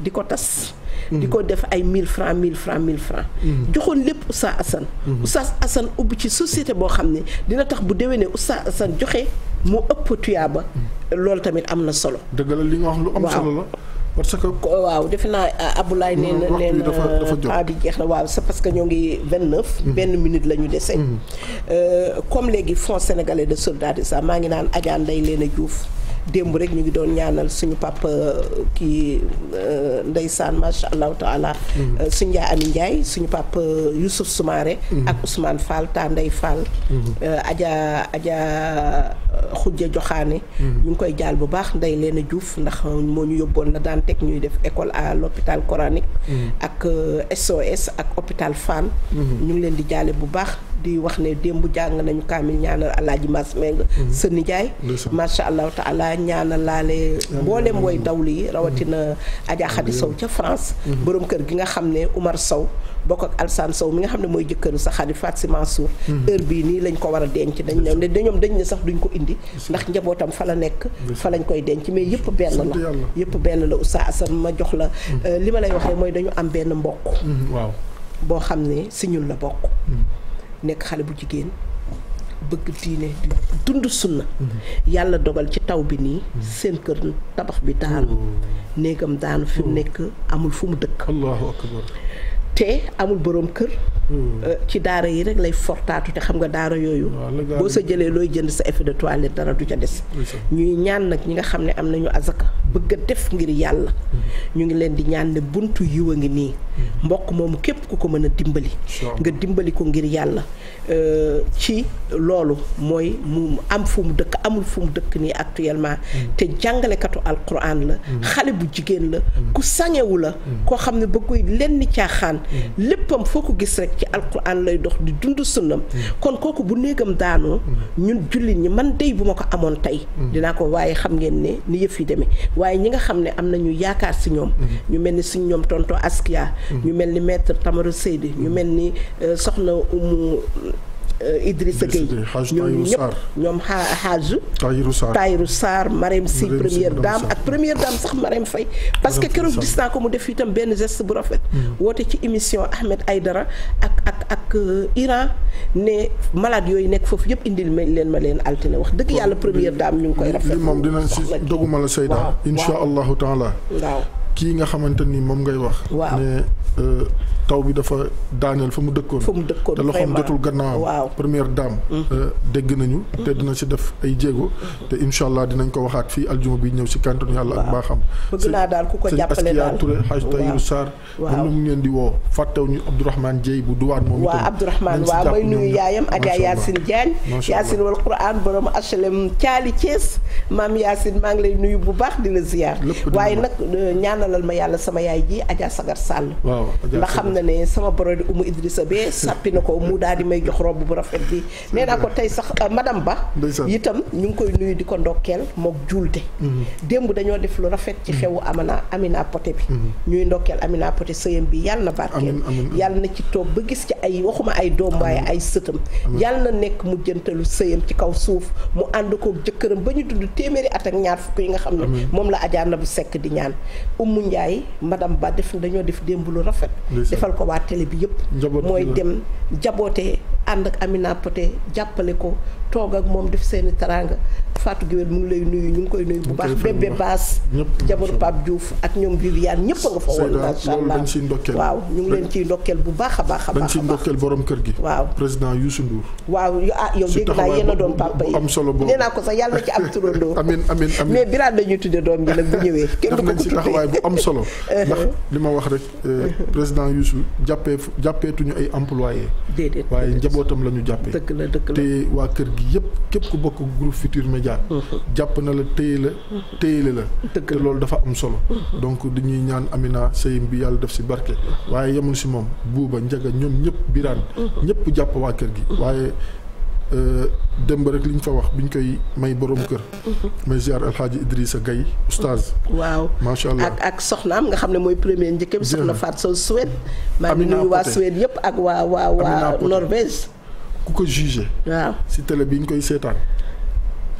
di ko tas di ko def ay mille francs mille francs mille francs joxoon lépp oustaz Assane oustaz Assane ubbi ci société boo xam ne dina tax bu déwénee oustaz Assane joxe mu ëpp tuyaaba loolu tamit am na solo dëgg la li nga wax lu am solo la parce waaw defe naa ah, Aboulaye nee na nee na bi ah, jeex na waaw c'est parce que ñoo ngi vingt neuf mhm. benn minute la ñu dese mhm. euh, comme léegi fon sénégalais de solidarité maa ngi naan Adja Ndeye Lena Diouf démb rek ñu ngi doon ñaanal suñu papa euh, kii euh, ndeysaan macha allahu taala mhm. suñu yaay Ami Ndiaye suñu papa Youssouf Soumaré ak Ousmane Fall Ta Ndeye Fall Adja Adja xujja joxaane mhm. ñu ngi koy jaal bu baax nday leen a juuf ndax moo ñu yóbboon na daan teg ñuy def école à l'hôpital koraanik mhm. ak SOS euh, ak hôpital Fann mhm. ñu ngi leen di jaale bu baax di wax ne démb jàng nañu kaamil ñaanal alaaji Mass Meng sa nijaay masha allah taala ñaanal laale mboolem woy dawli rawatina Adja Khady Sow ca France borom kër gi nga xam ne Oumar Sow bokk ak Alassane Sow mi nga xam ne mooy jëkkëru sa xarit Fatou Sy Mansour mhm. heure bii nii lañ ko war a denc dañ ne dañoom dañ sax duñ ko indi ndax njabootam fa la nekk fa lañ koy denc mais yëpp benn la yëpp benn la Oustaz Assane ma jox la mhm. euh, li ma lay waxee mooy dañu am benn mbokk mhm, boo xam ne si ñun la bokk nekk xale bu jigéen bëgg diine dund sunna yàlla dogal ci taw bi nii seen kër tabax bi daanu oh. néegam daanu fi mu oh. nekk amul fu mu dëkk allahu te amul boroom kër. Hmm. Euh, ci daara yi rek lay fortaatu te xam nga daara yooyu. boo sa jëlee looy jënd sa effet de toilette dara du ca des. ñuy ñaan nag ñi nga xam ne am nañu azaka bëgg a def ngir yàlla. Hmm. ñu ngi leen di ñaan ne buntu yiw a ngi nii. Hmm. mbokk moomu képp ku ko mën a dimbali. nga dimbali ko ngir yàlla. Euh, ci loolu mooy mu am fu mu dëkk amul fu mu dëkk nii actuellement mm. te jàngalekatu alquran la mm. xale bu jigéen la mm. ku sañewu la koo xam ne bëgguy lenn caaxaan léppam foo ko gis rek ci alquran lay dox di dund sunnam kon kooku bu néegam daanoo ñun jullit ñi man dey bu ma ko amoon tey dinaa ko waaye xam ngeen ne ni yëf yi demee waaye ñi nga xam ne am nañu yaakaar si ñoom ñu mel ni si ñoom tonto askia ñu mel ni maître Tamaro Seydi ñu mel ni euh, soxna umu Euh, Idrissa Gueye ñoom ñëpp ñoom xaaju Tahirou Sarr Marème Sy première dame ak première dame sax Marème Faye parce que keroog gis naa ko mu def itam benn gest bu rafet mm. woote ci émission Ahmed Aïdara ak ak ak euh, Iran ne malade yooyu nekk foofu yëpp indi ma leen ma leen altine wax dëgg yàlla première dame ñu ngi koy rafet li moom dinañ si doguma la Seyda insha allahu taala kii nga xamante ni moom ngay wax ne euh, taw bi dafa daaneel fa mu dëkkoon. fa mu dëkkoon te loxoom jotul gannaaw. waaw première dame. Mm-hmm. Euh, dégg nañu. Mm-hmm. te dina ci def ay jéego. Mm-hmm. te incha allah dinañ ko waxaat fii aljuma bi ñëw si kàntanu yàlla ak mbaaxam. bëgg naa daal ku ko jàppale daal Touré Hadj Tahirou Sarr. waaw moom ngeen di woo fàttewuñu Abdourahmane Dieye bu duwaan moom itam. waaw Abdourahmane waaw may nuyu yaayam ak Yacine Diagne. Yacine wal Quran borom HLM Thiali Thiès. maam Yacine maa ngi lay nuyu bu baax di la ziar. lépp waaye nag euh, ñaanalal ma yàlla sama yaay ji Adja Sagar Sall. waaw Adja na ne sama borodi Oumou Idrissa bee sàppi na ko mu daal di may jox robe bu rafet bi nee naa ko tey sax euh, madame Ba itam ñu ngi koy nuyu di ko ndokkeel mook juulte mm-hmm. démb dañoo def lu rafet ci mm-hmm. xewu amana Amina Poté bi mm-hmm. ñuy ndokkeel Amina Poté sëyam bi yàlla na barkeel yàlla na ci toog ba gis ci ay waxuma ay doom waaye ay sëtam yal na nekk mu jëntalu sëyam ci kaw suuf mu ànd kook jëkkëram ba ñu dund téeméeri at ak ñaar fukk yi nga xam ne moom la ajaana bu sekk di ñaan Oumou Ndiaye madame Ba def dañoo def démb defal ko waa tele bi yëpp. mooy dem jaboote ànd ak Amina Poté jàppale ko toog ak moom def seeni teraanga Fatou Gueye mu ngi lay nuyu ñu ngi koy nuyu bu baax bébé baas jabaru Pape Diouf ak ñoom Viviane ñëpp a nga fa woon macha allah ndokkeel bu baax a baax a baax dañ ciy ndokkeel borom kër gi waaw président Youssou Ndour waaw ah yow dégg naa yéen a doon papa yi am solo boobu nee naa ko sax yàlla na ci am turandoo amiin amiin amiin mais biraan dañuy tudde doom bi nag bu ñëwee yëpp képp ku bokk groupe Futurs Médias jàpp na la téye la téye la te loolu dafa am solo donc dañuy ñaan Amina sëyim bi yàlla def si barke waaye yemul si moom buuba njaga ñoom ñëpp biraan ñëpp jàpp waa kër gi waaye euh, démb rek li ñu fa wax bi ñu koy may borom kër. may ziar alxaaji Idrissa Gaye oustaz. waaw macha allah ak ak soxnaam nga xam ne mooy premier njëkkam. soxna Fatou Sow Suède. maa ngi nuyu waa Suède yëpp ak waa waa waa Norvège. ku ko jugé. waaw si télé bi ñu koy seetaan.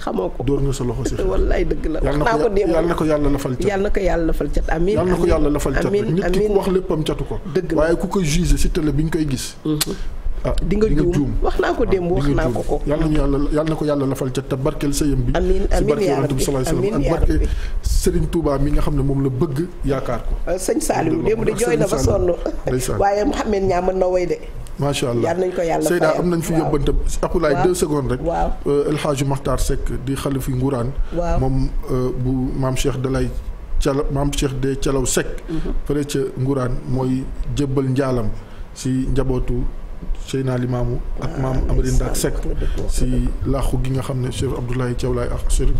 xamoo ko dóor nga sa loxo si xel. wallaay dëgg la wax naa ko démb yàlla ko yàlla lafal cat. yàlla na ko yàlla lafal cat na ko yàlla lafal cat nit ki ku wax ko. dëgg la ko jugé bi ñu koy gis. ah di naa ko démb wax naa ko ko. yàlla na na ko yàlla lafal ca te barkeel sëyam bi. amiin bi salaay salaam ak mi nga xam ne moom la bëgg yaakaar ko. sëñ Saliou démb de jooy na ba sonn. waaye Mouhamed Niang mën na woy de macha allah yal am nañ fi yóbbante akulaay deux secondes rek. waaw euh, El Hadj Makhtar Seck di xalifi Ngourane. moom euh, bu maam Cheikh Dalay Cala maam Cheikh de Calaw Seck. Mhm. fële ca Ngourane mooy jébbal njaalam si njabootu. Seydina Limaamu ak maam Amari Ndaak Seck ah, si laaxu gi nga xam ne Cheikh Abdoulaye Thiawlaay ak Cheikh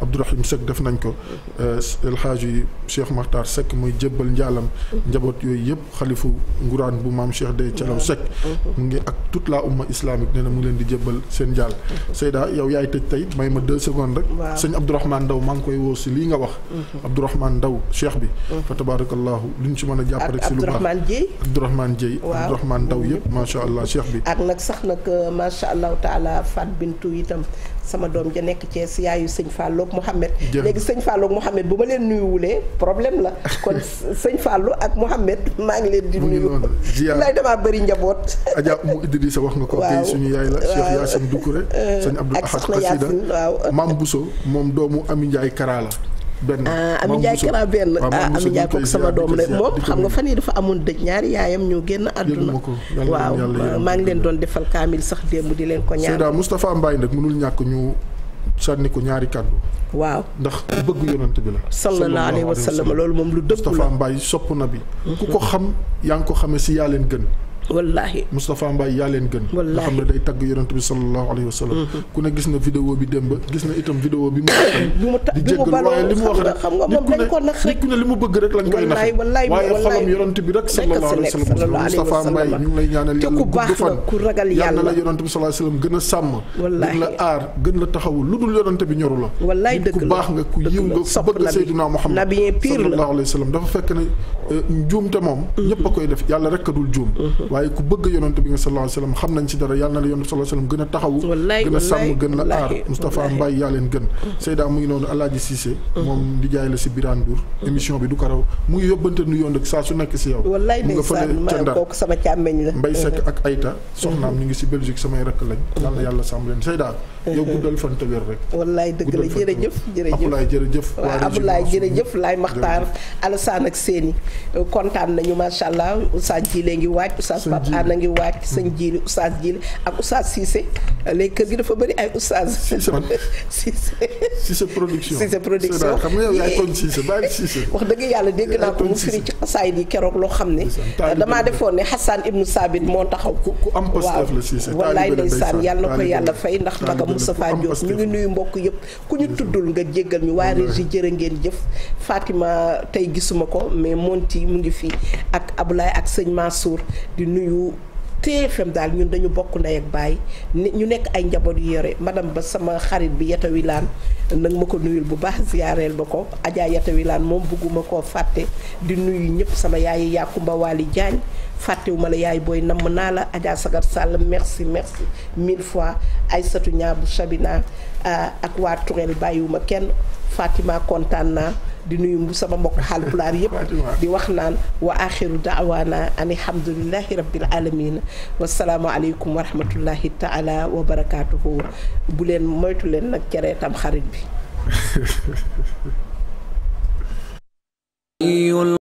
Abdourahim Seck def nañ ko euh, elhaaji Cheikh Makhtar sekk muy jébbal njaalam njaboot yooyu yëpp xalifu nguraan bu maam Cheikh Dey Calaw Seck mu mm-hmm. ngi ak toute la umma islamique nee mu leen di jébbal seen njaal mm-hmm. Seyda yow yaay tey tey may ma deux secondes rek sëñ Abdourahmane Ndaw maa ngi koy woo si lii nga wax mm-hmm. Abdourahmane Ndaw Cheikh bi fa tabarakallahu lu ñu si mën a jàpp rek si lu baax Abdourahmane Ndaw yëpp macha cheikh bi ak nag sax nag euh, macha allahu taala Fat Bintu itam sama doom ja nekk Thiès yaayu sëñ Fallou ak Mouhamed léegi sëñ Fallou ak Mouhamed bu ma leen nuyuwulee problème la kon sëñ Fallou ak Mouhamed maa ngi leen di nuyu lay damaa bari njaboot Adja Umu Idrissa wax nga ko tey suñu yaay la Cheikh Yacine Doucouré euh, sëñ Abdou Ahad Xasida maam Bousso moom doomu Ami Ndiaye Kara benn ah, Ami Ndiaye Kara benn ah, Ami Ndiaye kooku sama doom la moom xam nga fa nii dafa amoon dëj ñaari yaayam ñoo génn àdduna waaw maa ngi leen doon defal kaamil sax démb di leen ko ñaar Seyda Moustapha Mbaye nag mënul ñàkk ñu sànni ko ñaari kàddu waaw ndax bëgg yonent bi la sallallahu alayhi wa sallam loolu moom lu dëgg la Moustapha Mbaye sopp na bi ku ko xam yaa ngi ko xamee si yaa leen gën wallaahi Moustapha Mbaye yaa leen gën nga xam ne day tagg yonent bi sallallahu alayhi wa sallam mm-hmm. ku ne gis na vidéo bi gis na itam vidéo bi mu di jéggal waaye li mu wax rek nit ku ne li mu bëgg rek lañ koy naxe waaye xolam yonent bi rek sallallahu alayhi wa sallam Moustapha Mbaye ñu ngi lay ñaanal yàlla gudd fan ku ragal yàlla a sàmm gën la la taxawu lu bi ñoru la wallaay la ku baax nga ku yiw nga ku bëgg Seydina Muhammad sallallahu alayhi wa sallam dafa fekk euh, moom ñëpp a koy def yàlla rek a dul juum mm-hmm. waaye ku bëgg yonent bi nga xam nañ ci dara yàlla na la yonent sallallahu alayhi wasallam gën a taxawu gën sàmm gën la aar Moustapha Mbaye yaa leen gën Seyda mu ngi noonu Alaaji Cissé moom di la si Birane Ndour émission bi du ko raw mu ngi yóbbante nu yoon ak saa su nekk si yow mu nga fële kooku sama càmmeñ la ak Ayta mhm. soxnaam ñu ngi si Belgique samay rakk lañ yàlla yàlla sàmm leen Seyda yow guddal fan te wér rek. wallaay dëgg la jërëjëf jërëjëf Abdoulaye jërëjëf. waaw Abdoulaye jërëjëf Laay Maxtaar Alassane ak Séni euh, kontaan nañu macha allah Oustaz Jile ngi waaj. Oustaz Pape Anna ngi waaj hmm. sëñ Jili Oustaz Jili ak Oustaz Cissé léegi kër gi dafa bëri ay Oustaz. Cissé Cissé production Cissé production xam nga yow yaay eh. toog Cissé bàyyi Cissé. wax dëgg yàlla dégg naa ko mu firi ci xasaayid yi keroog loo xam ne. Euh, damaa defoon ne Hassan Ibnu Sabit moo taxaw. ku am poste la Cissé wallaay ndeysaan yàlla ko yàlla fay ndax Moustapha Diop ñu ngi nuyu mbokk yëpp ku ñu tuddul nga jéggal ñu waa régie jërë ngeen jëf Fatima tey gisuma ko mais Monti mu ngi fi ak abulaay ak sëñ Mansour di nuyu TFM daal ñun dañu bokk ndey ak baay ñu nekk ay njaboot yu yore madame ba sama xarit bi yetawi laan nag ma ko nuyul bu baax ziyaareel ba ko Adja yetawi laan moom bugguma koo fàtte di nuyu ñëpp sama yaay Yakumba Waly Diagne fàttewuma la yaay booy namm naa la Adja Sagar Sall merci merci mille fois Aïssatou ñaabu Sabina euh, ak waa Tourel bàyyiwuma kenn Fatima kontaan naa di nuyu sama mbokk Haalpulaar yëpp di wax naan wa axiru daawaana an alhamdulilahi rabbil alamin wasalaamu aleykum wa rahmatullahi taala wa moytu leen nag cereetam xarit bi